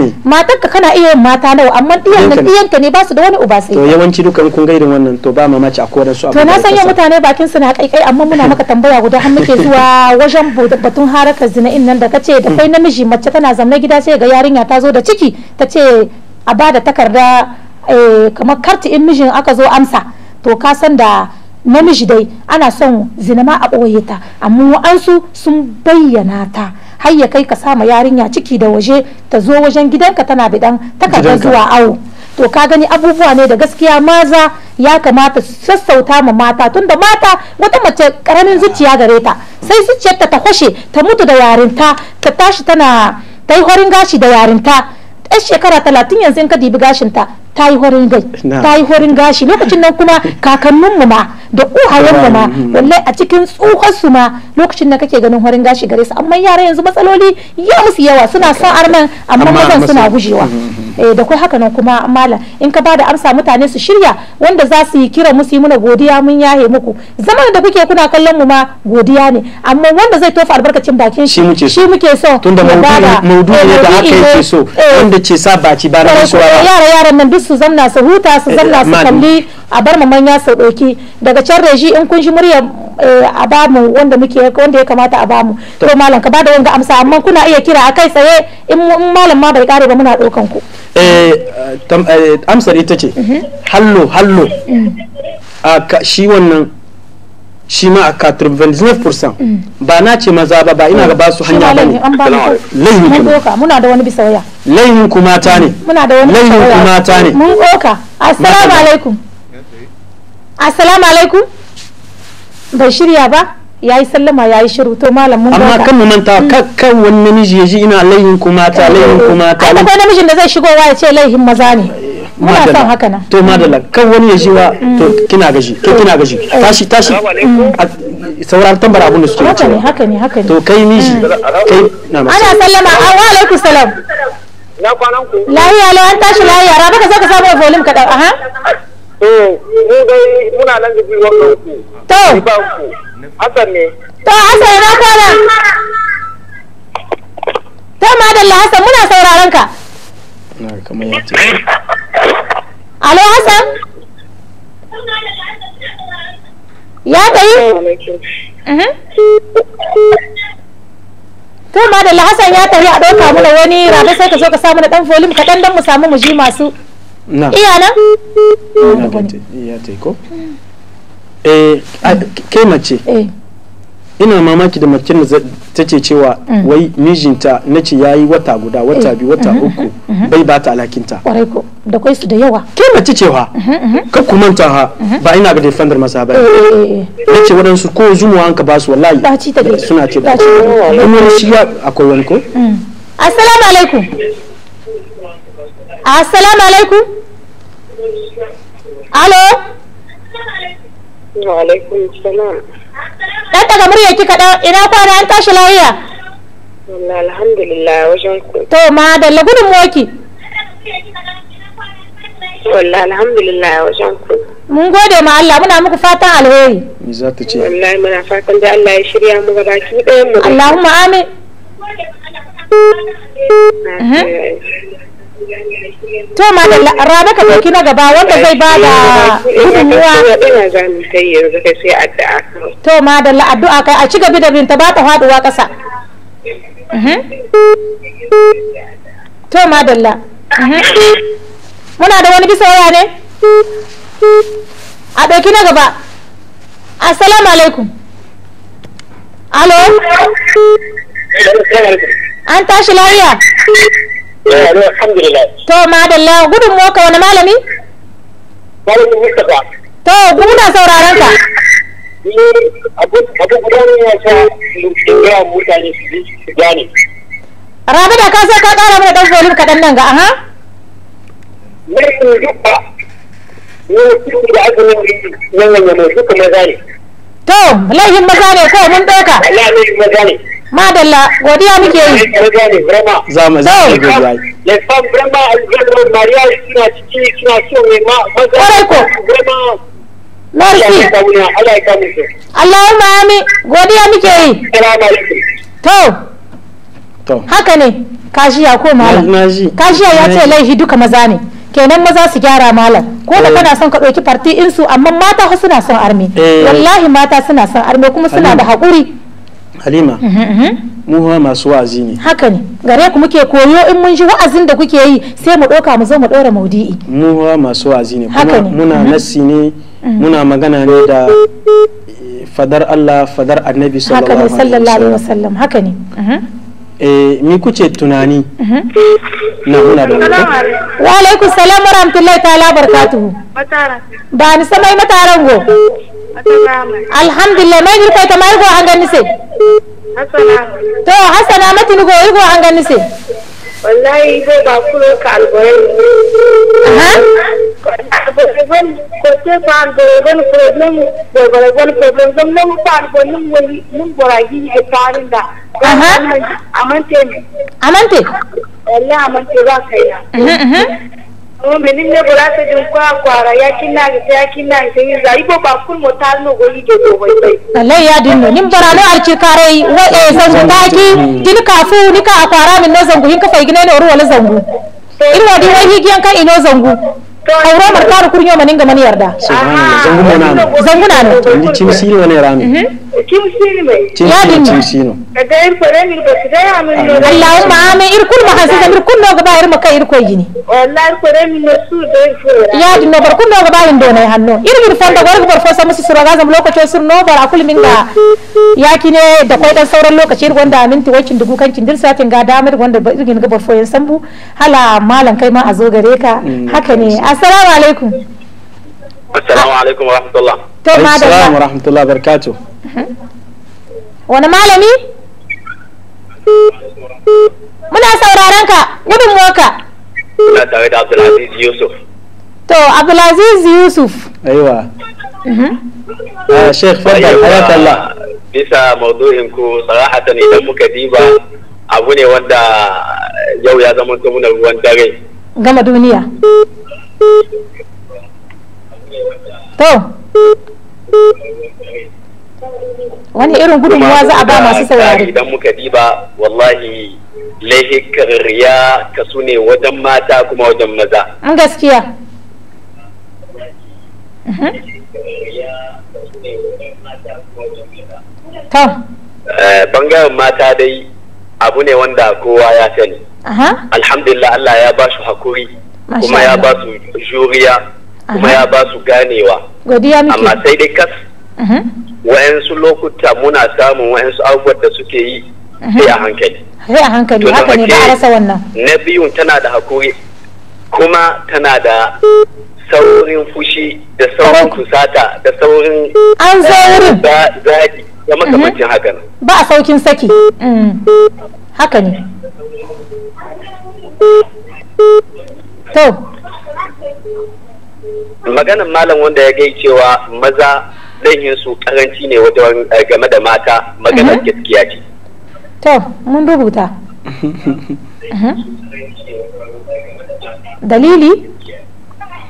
ne matarka kana iya mata nawa amma diyanka diyanka ne ba su da wani uba sai to yawanci duka in kun ga irin wannan to ba mamaci a koran su to na san yau mutane bakin su na kaikai amma muna maka [laughs] tambaya guda har muke zuwa wajen batun harakar zina in nan da kace da hmm. kai namiji mace tana zamna gida sai ga yarinya ta zo da ciki ta ce a ba da takarda eh, kamar karti in mijin aka zo amsa to ka san da namiji dai ana son zinama a ɓoye ta amma wa'ansu sun bayyana ta har ya kai ka sama yarinya ciki da waje ta zo wajen gidanka tana bidan takardar zuwa awo to ka gani abubuwa ne da gaskiya maza ya kamata su sassauta ma mata tunda mata wata mace karamin zuciya gare ta sai zuciyarta ta kwashe ta mutu da yarinta ta tashi tana ta yi horin gashi da yarinta ɗan shekara talatin yanzu in ka dibi gashin ta yi horin gai ta yi horin gashi lokacin nan kuma mu ma da uhayen mu ma wallahi a cikin tsohon su ma lokacin da kake ganin horin gashi gare su amma yara yanzu matsaloli ya musu yawa suna sa arman amma mazan suna gujewa mm-hmm. Eh, da kai haka nan kuma malam in ka bada amsa mutane su shirya wanda za su yi kira musu muna godiya mun yahe muku zaman da kuke kuna kallon mu ma godiya ne amma wanda zai tofa albarkacin bakin shi shi muke so tunda maudu'i ne da haka eh, yake so eh. wanda ce sa baci ba na yara yaran nan duk su zanna su huta su zanna su kalli a bar mu manya su dauki daga can reji in kun ji muryar eh, a ba mu wanda muke wanda ya kamata a ba mu to malam ka bada wanga amsa amma kuna iya kira a kai tsaye in malam ma bai kare ba muna daukan ku eh, eh, amsar ita ce mhm. hallo hallo mm. a shi wannan shi ma a 99% mm. ba na ce maza ba ba ina ga ba su mm. hanya ba ne laihin kuma muna da wani bisauya laihin kuma ta ne muna da wani laihin kuma ta ne mun ɗoka assalamu alaikum assalamu alaikum bai shirya ba ya yi sallama ya yi shiru to malam mun amma kan mu manta mm. kakka wani namiji ya ji ina laihin kuma ta eh, laihin kuma ta ai akwai namijin da zai shigowa ya ce laihin maza ne muna son haka nan to madalla mm. kan wani ya ji wa to mm. kina gaji ke kina gaji eh. Eh. tashi tashi sauraron tambar abin da suke haka ne haka ne haka ne to kai miji kai ana sallama ah, wa alaikum salam na kwanan ku lahiya lawan tashi lahiya ra baka zo ka samu volume kadan aha Eh, mu dai muna nan da biyuwar ku. To. Hassan ne. To, Hassan ina kana. To, madalla Hassan muna sauraron ka. Na kamar Alo Hassan. Ya kai? Mhm. To, madalla Hassan ya tari a ɗauka mana wani rabe sai ka zo ka samu na ɗan folim kaɗan don mu samu mu ji masu na ya ta ko hmm. eh, hmm. mace eh. ina mamaki da macen da ta ce cewa hmm. wai mijinta na ce ya yi wata guda wata eh. biyu wata mhm, uku mhm, bai mhm. ba ta alakinta kwarai ko da kwai su da yawa ke mace cewa ka kumanta ha ba ina ga defender masa ba na ce waɗansu ko zumuwa an ka ba su wallahi suna ce ba kuma shi akwai wani ko assalamu alaikum assalamu alaikum alo wa alaikum salam dan daga murya kika da ina kwana an tashi lafiya wallahi alhamdulillah wajen ku to ma da lagunin moki wallahi alhamdulillah wajen ku mun gode ma Allah muna muku fatan alheri me za ta ce wallahi muna fatan da Allah ya shirya mu gaba ki dayan mu Allahumma amin to malam rabe ka dauki na gaba wanda zai ba da gudunmuwa to madalla addu'a kai a ci gaba da binta ba ta faduwa kasa mhm. to madalla mhm. muna da wani bisa waya ne a dauki na gaba assalamu alaikum alo an tashi lafiya Eh, to madalla gudun moka wani malami malamin mustapha to gudun sauraron ka eh, abu guda ne ya sa ya mutane su su gane rabi da ka sai ka kara mana dan volum kaɗan nan ga aha ne dukka ne cikin da aka nemi nan wannan ne su kuma gane to laihin maza ne ko mun ɗauka laihin maza ne madalla godiya muke yi za mu godiya ma godiya muke yi. To, haka ne, kashiya ko malam. Kashiya ya ce laifi duka maza ne. kenan maza su gyara malam ko da eh. kana son ka ɗauki farti insu amma mata suna son arme eh. wallahi mata suna son arme kuma suna da haƙuri halima mhm, mhm. mu masu wa'azi ne haka ne gare ku muke koyo in mun ji wa'azin da kuke yi sai mu doka mu zo mu ɗora maudi'i mu masu wa'azi ne kuma muna mhm. nassi ne muna magana ne da eh, fadar Allah fadar annabi sallallahu alaihi wasallam haka ne eh mi kuce tunani na muna da wa alaikum salam wa rahmatullahi ta'ala barakatuhu ba ni samai go alhamdulillah may ngi koy tamar go hanganise to hasana mati go go hanganise wallahi bo ba kulo kal go ha ko te pan go gon problem go go gon problem dum nam pan go num wali num bora gi e tarinda amante amante wallahi amante ba kai kumbe nimne bolase junkwa kwara ya kinna ga ya kinna ga yi za ba no bai Allah ya nim wa e din kafu ni ka kwara min no zangu hin ka fai gine ne oru wala zangu ina di wai higiyan kan ino zangu aure marka da kurnyo maninga mani yarda zangu na zangu na ni ne rami mhm. kim shi ne shi ne daga yin fara ne ba su gaya min nuna Allah umma amin irkul ba hasu zamir kun nawa gaba irma kai irkoi gini wallahi fara min na su da fara ya din nabar kun nawa gaba yin dona ya hannu irin irfan da gwargo barfo sa musu suraga zam lokaci sun no bar akul min da ya ki ne da kai dan sauran lokaci irgon da aminti wakin dubu kan kindir satin ga damar wanda ba irgin ga barfo yan sambu hala malan kai ma a zo gare ka mm. haka ne assalamu alaikum assalamu alaikum wa rahmatullah to madalla assalamu alaikum wa rahmatullah barkatu Hm? wani malami muna sauraron ka gudun moka muna tare da abdulaziz yusuf to abdulaziz yusuf aiwa hm? a ah, sheikh fadda hayakallah bisa maudu'in ku sarahatan idan muka diba abu ne wanda yau ya zama muna ruwan dare gama duniya to wani irin gudunmuwa za a ba masu saurari idan muka diba wallahi laihikar riya ka su ne wajen mata kuma wajen maza an gaskiya mhm. to eh, bangaren mata dai abu ne wanda kowa ya sani alhamdulillah Allah ya ba su hakuri kuma ya ba su juriya kuma ya ba su ganewa amma sai dai kas mhm. wa'yansu lokuta muna samun wa'yansu abubuwan da suke yi sai a hankali sai a hankali haka ne ba a rasa wannan na biyun tana da hakuri kuma tana da saurin fushi da saurin kusata da saurin an saurin zaɗi da makamancin haka nan ba a saukin saki mm. haka ne to maganan malam wanda ya gai cewa maza laifin su karanci ne wajen eh, game da mata maganar mhm. gaskiya ce to mun rubuta mhm. dalili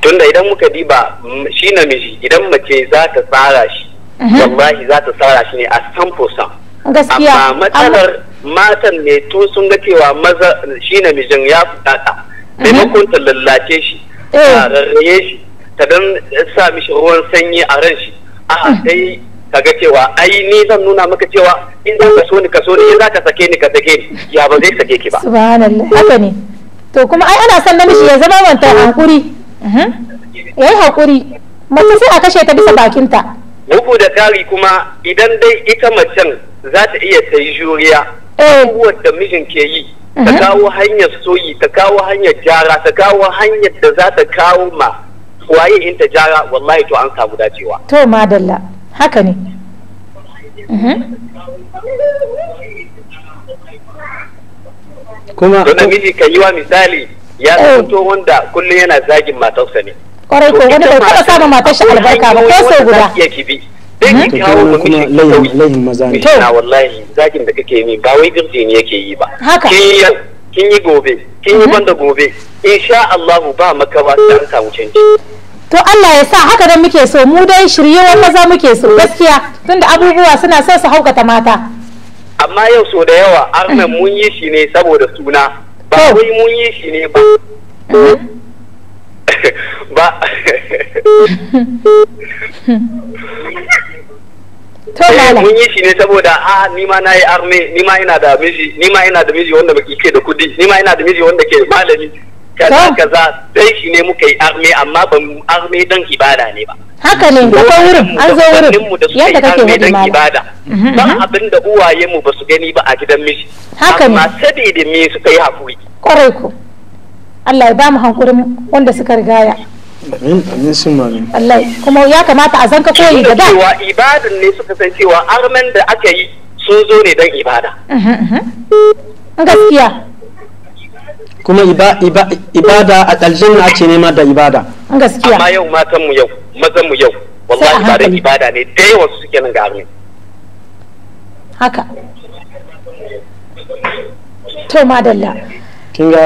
tunda idan muka diba mm, shi namiji idan mace za ta tsara shi mhm. wallahi za ta tsara shi ne a san sam gaskiya amma matsalar matan ne tun sun ga cewa maza shi namijin ya fitata maimakon ta lallace shi ta eh. rarraye shi ta don sa mishi ruwan sanyi a ran shi a'a sai ka ga cewa ai ni zan nuna maka cewa in za ka so ni ka so ni in za ka sake ni ka sake ni ya ba zai sake ki ba subhanallah haka ne to kuma ai ana son namiji ya zama wanta hakuri yayi hakuri mace sai a kashe ta bisa bakinta bugu da kari kuma idan dai ita macen za ta iya ta yi juriya eh. abubuwan da mijin ke yi ta kawo hanyar soyi ta kawo hanyar jara ta kawo hanyar da za ta kawo ma waye in ta jara wallahi to an samu dacewa to madalla haka ne mhm. kuma Don namiji kan yi wa misali ya eh. zanto wanda kullum yana zagin matarsa ne kwarai ko wani bai taɓa saba matar shi albarka ba ko sau guda dai mhm. ki kawo mu kuma layin maza ne na wallahi zagin da kake yi ba wai birji yake yi ba haka kin yi gobe kin yi mhm. banda gobe insha Allah ba makawa sai an samu canji to Allah ya sa haka dan muke so mu dai wa maza muke so gaskiya tunda abubuwa suna so su haukata mata amma yau so da yawa arnan mhm. mun yi shi ne saboda suna ba wai mun yi shi ne ba mhm. ba [laughs] eh, mun yi shi ne saboda a ah, ni ma na yi arme ni ma ina da miji ni ma ina da miji wanda baki ke da kudi ni ma ina da miji wanda ke malami kaza kaza dai shi ne muka yi arme amma ba mu arme dan ibada ne ba haka ne akwai wurin an zo wurin yadda kake hudu ibada mhm, ba mhm. abin da uwaye mu ba su gani ba a gidan miji haka ne amma sabida me suka yi hakuri kwarai ku Allah ya ba mu hankurin wanda suka rigaya amin amin sun mamin Allah kuma ya kamata a zanka koyi da da cewa ibadan ne suka san cewa armen da aka yi sun zo ne dan ibada mhm, gaskiya kuma ibada a aljanna ne nema da ibada gaskiya amma yau matan mu yau mazan mu yau wallahi ba da ibada ne da yawa su suke nan ga arni haka to madalla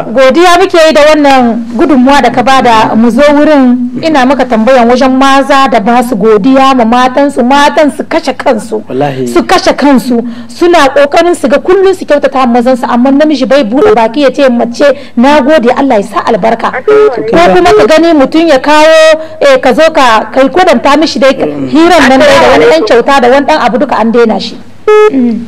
godiya muke yi da wannan gudunmuwa da ka bada mu zo wurin ina maka tambayan wajen maza da ba su godiya ma matan su matan su kashe kansu su kashe kansu suna kokarin su ga kullun su kyautata mazan su amma namiji bai bude baki ya ce mace na gode Allah ya sa albarka ko kuma ka gani mutum ya kawo eh, ka zo ka kai kodanta mishi dai hiran nan da wani dan kyauta da wani dan abu duka an daina shi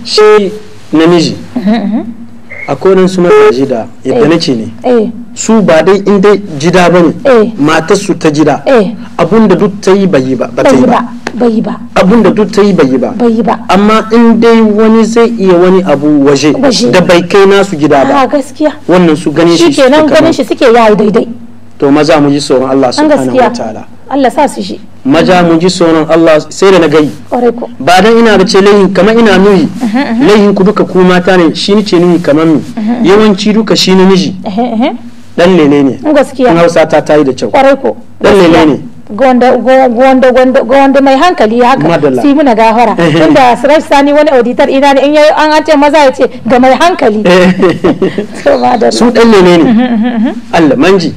shi namiji mhm, mhm. akwai wani su mata jida yadda eh. na ce ne eh. su ba dai in dai jida ba ne eh. matar su ta jida abun da duk ta yi ba yi ba ba ta yi ba bai duk ta yi bai ba bai ba amma in dai wani zai iya wani abu waje da bai kai nasu gida ba a ah, gaskiya wannan su ganin shi shi ganin shi suke yayi daidai to maza mu ji tsoron Allah subhanahu wataala Allah sa su shi maja mun ji sonon Allah sai da na gai ba dan ina da ce laihin kamar ina nuyi laihin ku duka ku mata ne shi ni ce nuyi kamar mi yawanci duka shi ni miji dan lele ne gaskiya in Hausa ta tayi da kyau kwarai ko dan lele ne gwanda mai hankali ya haka si muna gahara. tunda Siraj Sani wani auditar ina ne in ya an ce maza ya ce ga mai hankali [laughs] su dan lele ne Allah manji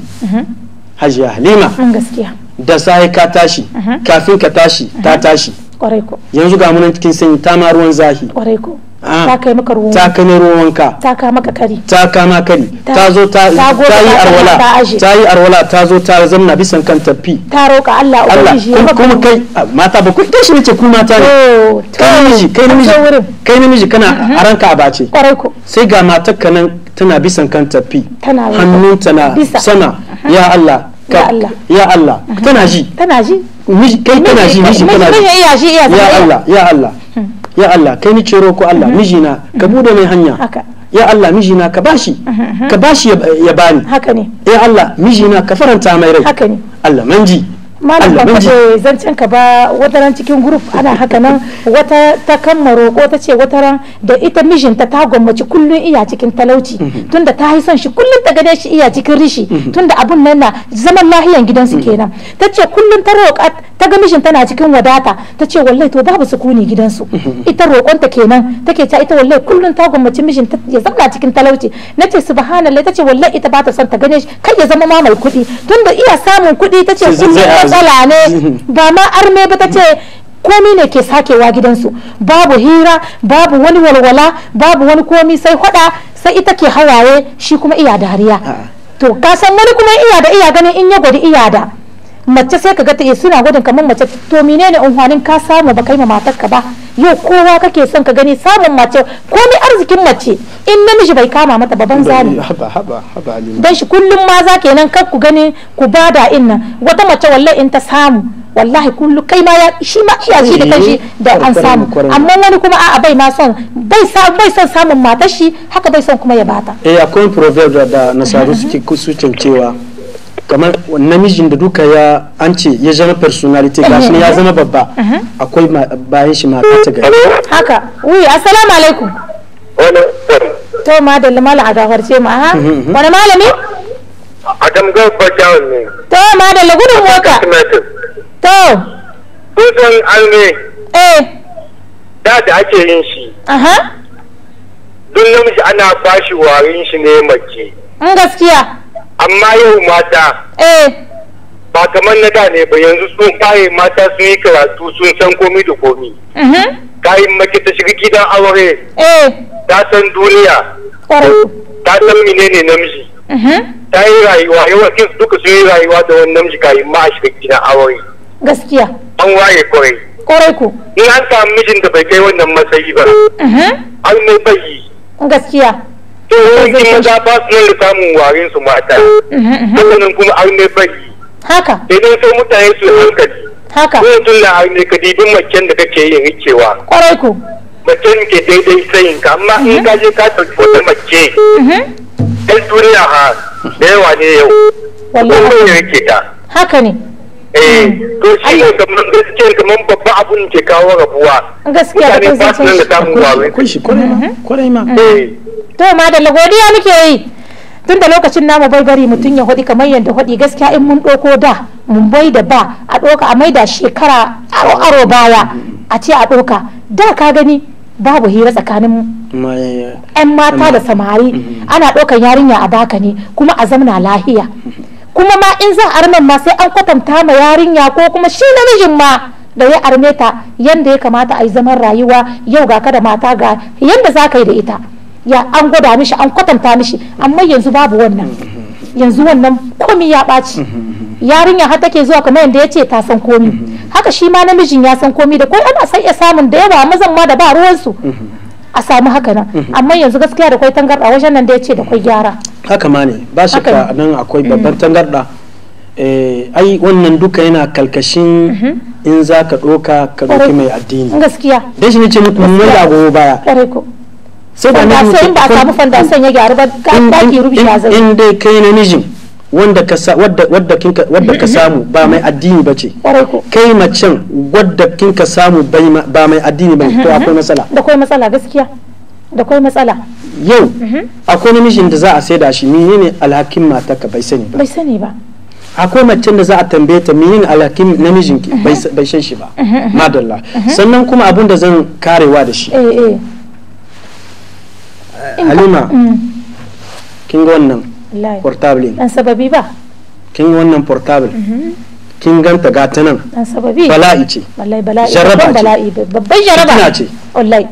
Hajiya Halima gaskiya da sai ka tashi kafin ka tashi ta tashi yanzu ga munan cikin sanyi ta ma ruwan zahi ah. ta kai maka ruwan ta kai ruwan ta ka maka kari ta ka ma kari ta zo ta yi arwala ta yi arwala ta zo ta zamna bisan kan tafi ta roka Allah ubangiji ya kuma kai mata ba ku tashi ne ce ku mata ne oh, kai miji kai miji kai miji kana aranka a bace sai ga matar nan tana bisan kan tafi hannunta na sana ya Allah ya Allah ya Allah tana ji tana ji kai tana ji miji tana ji ya Allah ya Allah hmm. ya Allah kai ni ciro ko Allah miji na ka bude mai hanya ya Allah miji na ka bashi ka bashi ya bani haka ne ya Allah miji na ka faranta mai rai haka ne Allah manji malam ban faɗe zancen ka ba wataran cikin group ana haka nan wata ta kan roƙo ta ce wataran da ita mijinta ta gwammaci kullum iya cikin talauci mhm. tunda ta yi son shi kullum ta gane shi iya cikin rishi mhm. tunda abun nan na zaman lahiyan gidansu mhm. kenan ta ce kullum ta roƙa ta ga mijin tana cikin wadata ta ce wallahi to babu sukuni gidansu ita ta kenan take ta ita wallahi kullum ta gwammaci mijin ya zauna cikin talauci na ce subhanallah ta ce wallahi ita ba ta son ta gane shi kai ya zama ma mai kuɗi tunda iya samun kuɗi ta ce matsala ne ba ma arme ba ta ce komi ne ke sakewa gidansu babu hira babu wani walwala babu wani komi sai hada sai ita ke hawaye shi kuma iya dariya to kasan san wani kuma iya da iya ganin in ya gwadi iya da mace sai ka ga ta eh, suna gudun kamar mace to mine menene unhwanin ka samu ba kai ma matarka ba yau kowa kake son ka gani samun mace ko mai arzikin mace in namiji bai kama mata baban zani dan shi kullum maza kenan kar ku gani ku bada in nan wata mace wallahi in ta samu wallahi kullu kai ma ya shi ma iya shi da kanshi da an samu amma wani kuma a'a bai ma son bai son samun matar shi haka bai son kuma ya bata eh akwai proverb da nasaru suke [laughs] cewa kamar namijin da duka ya an ce ya zama personality gashi ne ya eh, eh, zama eh. babba akwai bayan shi mata ta gari haka wuyi assalamu alaikum to ma da malam a gafarce ma ha mhm, mhm. wani malami adam gafa jawon ne to ma da gudun waka to kusan alme eh da da ake yin shi aha dun namiji ana bashi warin shi ne mace in gaskiya amma yau mata eh ba kamar na da ne ba yanzu sun kaye mata sun yi karatu sun san komi da komi kayan mhm. maki ta shiga gidan aure eh. ta san duniya ta san menene namiji mhm. ta yi rayuwa yawancin duka sun yi rayuwa da wani namiji kayan ma a shiga gidan aure gaskiya an waye kwarai kwarai ku in an samu mijin da bai kai wannan matsayi ba mhm. an mai bayi gaskiya in za ba su yin samun warin su mata hakanan mm-hmm, mm-hmm. kuma an ne bari haka idan sai mutane su hankali haka ko tun na an ne ka dibin macen da kake yin rikewa kwarai ku macen ke daidai sayin ka amma in mm-hmm. ka je ka ɗauki wata mace ɗan duniya ha da yawa ne yau wallahi ya rike ta haka ne eh mm. to shi ne kamar gaskiya kamar babban abun ke kawo rabuwa gaskiya da kun zance shi shi kwarai ma kwarai ma eh to da lagodiya muke yi tun da lokacin namu bai bari mutum ya hudi kamar yadda hudi gaskiya in mun ɗauko da mun bai da ba a ɗauka a da shekara aro aro baya a ce a ɗauka da ka gani babu hira tsakanin yan mata da samari mm-hmm. ana ɗaukar yarinya a baka ne kuma a zamna lahiya mm-hmm. kuma ma in za armen ma sai an kwatanta ma yarinya ko kuma shi namijin ma da ya arme ta yanda ya kamata a yi zaman rayuwa yau ga ka da mata ga yanda za ka yi da ita ya an gwada mishi an kwatanta mishi amma yanzu babu wannan yanzu wannan komi ya ɓaci yarinya har take zuwa kamar yadda ya ce ta san komi haka shi ma namijin ya san komi da kai ana san ya samun da yawa mazan ma da ba ruwansu a samu haka nan amma yanzu gaskiya da kai tangarɗa wajen nan da ya ce da kai gyara haka ma ne ba shi ka nan akwai babban tangarɗa eh, ai wannan duka yana kalkashin in za ka ɗoka ka ɗauki mai addini gaskiya dan shi ne ce muku mun baya sai da namiji ba samu fandasan ya gyaru ba daki rubi ya zai in dai kai namijin wanda ka wadda ka samu ba mai addini ba ce kai macen wadda kin ka samu ba mai addini ba to mhm, akwai mhm. matsala da kai matsala gaskiya da kai matsala yau mhm. akwai namijin da za a saida shi menene alhakin matarka bai sani ba bai sani ba akwai macen da za a tambaye ta ne alhakin namijin bai san shi ba madalla sannan kuma abin da zan karewa da shi eh, eh. Eh, halima mm. kin ga wannan portable an sababi ba kin ga wannan portable mhm. kin ganta gata nan an sababi bala'i ce wallahi bala'i jaraba bala'i babban jaraba fitina ce wallahi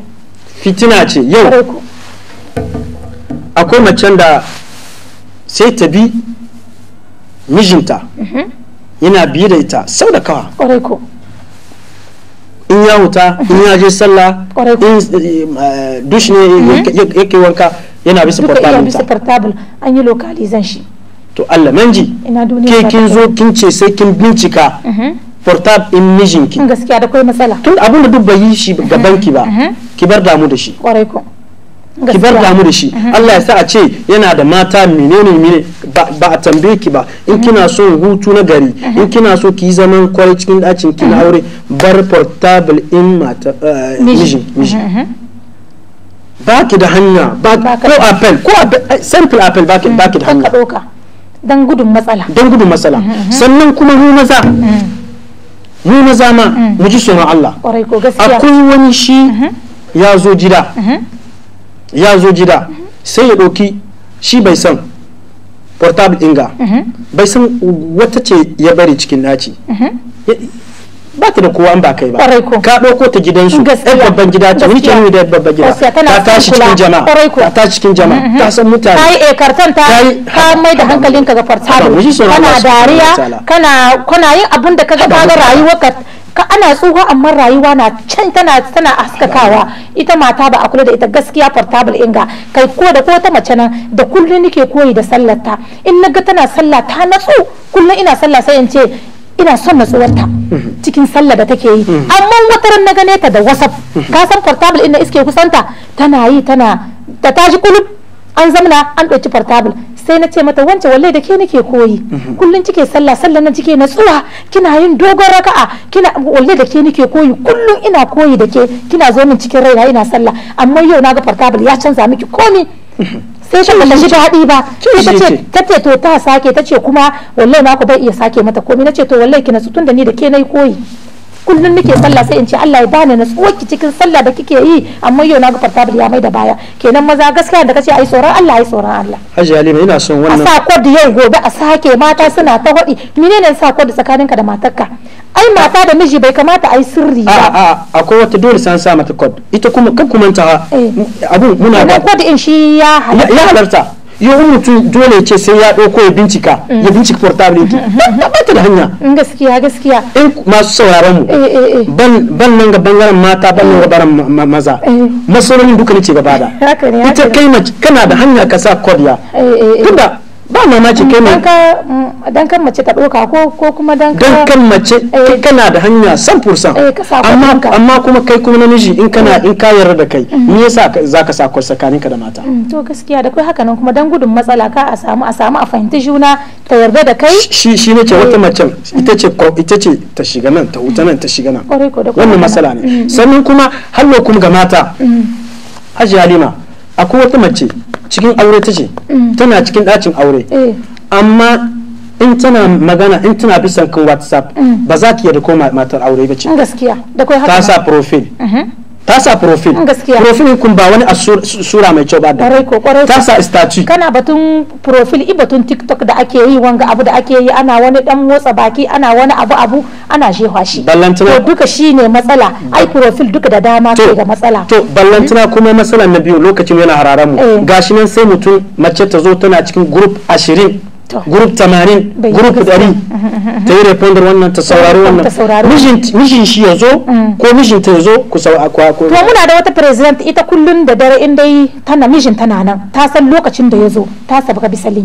fitina ce yau akwai macen da sai ta bi mijinta mhm. yana biye da ita sau da kawa ƙwarai ko in ya wuta in ya je sallah in eh, dush ne hmm? yake wanka yana bisa portable an yi lokalizan shi to Allah manji ke kin zo kin ce sai kin bincika mhm. portab in mijinki gaskiya da kai matsala tun abin da duk bai yi shi ga banki ba mhm. ki bar damu da shi kwarai ko ki bar damu da shi mhm. Allah ya sa a ce yana da mata menene mene ba a tambaye ki ba in kina mhm. so hutu na gari mhm. in kina so ki zaman kwarai cikin dacin ki na aure bar portable in mata eh, miji miji ba ki da hanya ba ko apple eh, ko simple apple ba ki ba ki da hanya dan gudun matsala dan gudun matsala sannan kuma mu maza mu maza ma mu ji tsoron Allah akwai wani shi ya zo gida ya zo gida sai ya ɗauki shi bai san portable inga mhm. bai san wata ce ya bari cikin naci ba ta da kowa an ba kai ba ka ɗauko ta gidansu ɗan babban gida ta wuce ne da babban gida ta tashi cikin jama'a ta tashi cikin jama'a ta san mutane kai eh kartan ta ka mai da hankalinka ga fartalo kana dariya kana kana yin abin da kaga ga rayuwar ka ana tsuwa amma rayuwa na can tana tana haskakawa ita mata ba a kula da ita gaskiya portable inga kai ko da ko ta mace nan da kullun nake koyi da sallar ta in naga tana sallah ta natsu kullun ina sallah sai in ce ina son natsuwarta mm-hmm. cikin sallah da take yi mm-hmm. amma wata ran na gane ta da wasap mm-hmm. ka san portable inda iske kusanta tana yi tana ta tashi kulub an zamna an ɗauki portable sai na ce mata wance wallahi da ke nake koyi kullun kike sallah sallah na kike natsuwa kina yin dogon raka'a kina wallahi da ke nake koyi kullun ina koyi da ke kina zo min cikin raina ina sallah amma yau na ga portable ya canza miki komi sai shi ba ta ji daɗi ba sai ta ce ta ce to ta sake ta ce kuma wallahi ma ku bai iya sake mata komai na ce to wallahi ki nasu tunda ni da ke nayi koyi kullum nake sallah sai in ce Allah ya bani natsuwa ki cikin sallah da kike yi amma yau na ga fartabul ya mai da baya kenan maza gaskiya da kace ai tsoron Allah ai tsoron Allah Hajji Halima ina son wannan a sako da yau gobe a sake mata suna ta hodi menene sa da tsakaninka da matarka ai mata da miji bai kamata ai sirri ba a a akwai wata dole san sa mata kwad ita kuma kan kuma ta eh. abun muna da kwadi in shi ya halarta yau mutum dole ce sai ya ɗauko ya bincika ya bincika portable yake mm-hmm. ba ta da hanya mm-hmm. Mm-hmm. gaskiya gaskiya in masu sauraron mu eh, eh, eh. ban nan ga bangaren mata ban nan ga bangaren maza masalolin duka ne ce gaba da ita kai mace kana da hanya ka sa kodiya tunda ba mamaci kai mai dan kan mace ka doka ko ko kuma dan ka dan kan mace eh. kana da hanya 100% eh, amma amma kuma kai kuma namiji in kana mm. in ka yarda da kai mm. me yasa zaka sa kwar ka da mata mm, to gaskiya da kai haka nan kuma dan gudun matsala ka a samu a samu a fahimci juna ta yarda da kai shi shi ne ce wata eh. mace ita ce ita ce ta shiga nan ta wuta nan ta shiga nan wannan matsala ne sannan kuma hallo kuma ga mata hajji halima akwai wata mace cikin aure ta ce mm. tana cikin ɗacin aure eh. amma in tana magana in tana bisan kan whatsapp mm. ba za ki yadda koma matar aure ba ce ta sa profile mm-hmm. ta sa profil mm, profil kun ba wani sura mai kyau ba da ta sa istaci kana batun profil i batun tiktok da ake yi wanga abu da ake yi ana wani dan motsa baki ana wani abu abu ana shehwa shi to duka shine matsala ai profil duka da dama ke da matsala to ballantana mm. kuma matsala na biyu lokacin yana hararan mu eh. gashi nan sai mutum mace ta zo tana cikin group ashirin group 80 group 100 [laughs] ta yi refonder wannan ta saurari wannan mishin shi ya zo mm. ko mishin ta ya zo ku sau a kwako to muna da wata president ita kullum da dare in dai tana mishin tana nan ta san lokacin da ya zo ta sabga bisali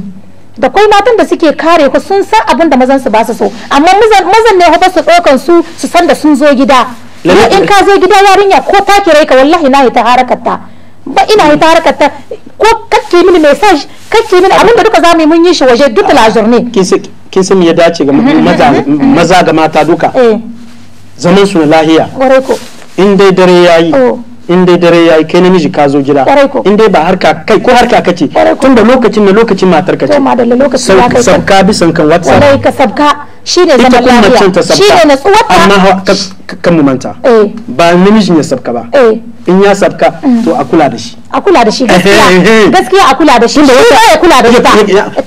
da kwai matan da suke kare ku sun san abin da mazan su ba su so amma mazan ne ba su ɗaukan su su san da sun zo gida in ka zo gida yarinya ko ta kirai ka wallahi na ta harakar ta ba ina yi tarakar ta ko kake mini message kake mini abin da duka yi mun yi shi waje duk la journée kin san ya dace ga [laughs] maza ga mata duka eh. zaman su lahiya in dai dare yayi oh. in dai dare yayi kai namiji ka zo gida in dai ba harka kai ko harka kace tunda lokacin da lokacin matar kace to madalla lokacin ya kai sabka bi kan whatsapp sai ka sabka shine zaman lafiya shine natsuwarta amma kan mu manta eh. ba namijin ya sabka ba eh. in ya sabka mm. to a kula da shi a kula da shi gaskiya eh, gaskiya a kula da shi shi ba ya kula da ita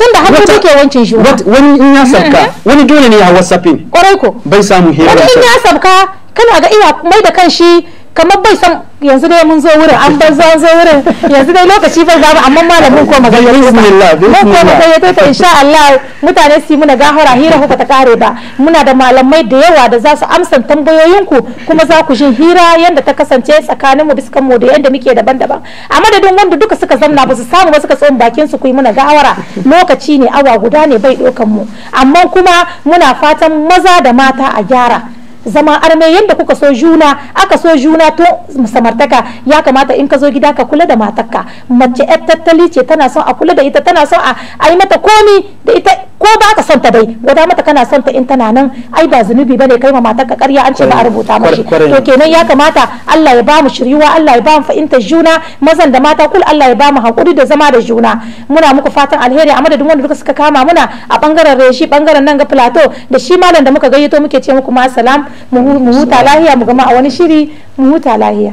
tunda har ta take wancin shi wani in ya sabka mm-hmm. wani dole ne ya whatsapp kwarai ko bai samu hira wani in ya sabka kana ga iya mai da kan shi kamar bai san yanzu dai mun zo wurin an bar zo zo wurin yanzu dai lokaci bai gaba amma malamin ko magayyar bismillah mun ko magayyar ta insha Allah mutane su muna gahara hira ku ta kare ba muna da malamai da yawa da za su amsa tambayoyin ku kuma za ku jin hira yanda ta kasance tsakanin mu biskan mu da yanda muke daban-daban a madadin wanda duka suka zamna ba su samu ba suka tsohon bakin su ku yi muna gahara lokaci ne awa guda ne bai dokan mu amma kuma muna fatan maza da mata a gyara zama arme yadda kuka so juna aka so juna to samartaka ya kamata in ka zo gida ka kula da matarka mace yar tattali ce tana son a kula da ita tana son a yi mata komi da ita ko ba ka son ta dai gwada mata kana son ta in tana nan ai ba zunubi bane kai ma matarka karya an ce ba a rubuta mashi to kenan ya kamata Allah ya ba mu shiryuwa Allah ya ba mu fahimtar juna mazan da mata kul Allah ya bamu mu hakuri da zama da juna muna muku fatan alheri a madadin wanda duka suka kama muna a bangaren reshi bangaren nan ga plateau da shi malam da muka gayyato muke ce muku ma salam mu huta lahiya mu gama a wani shiri mu huta lahiya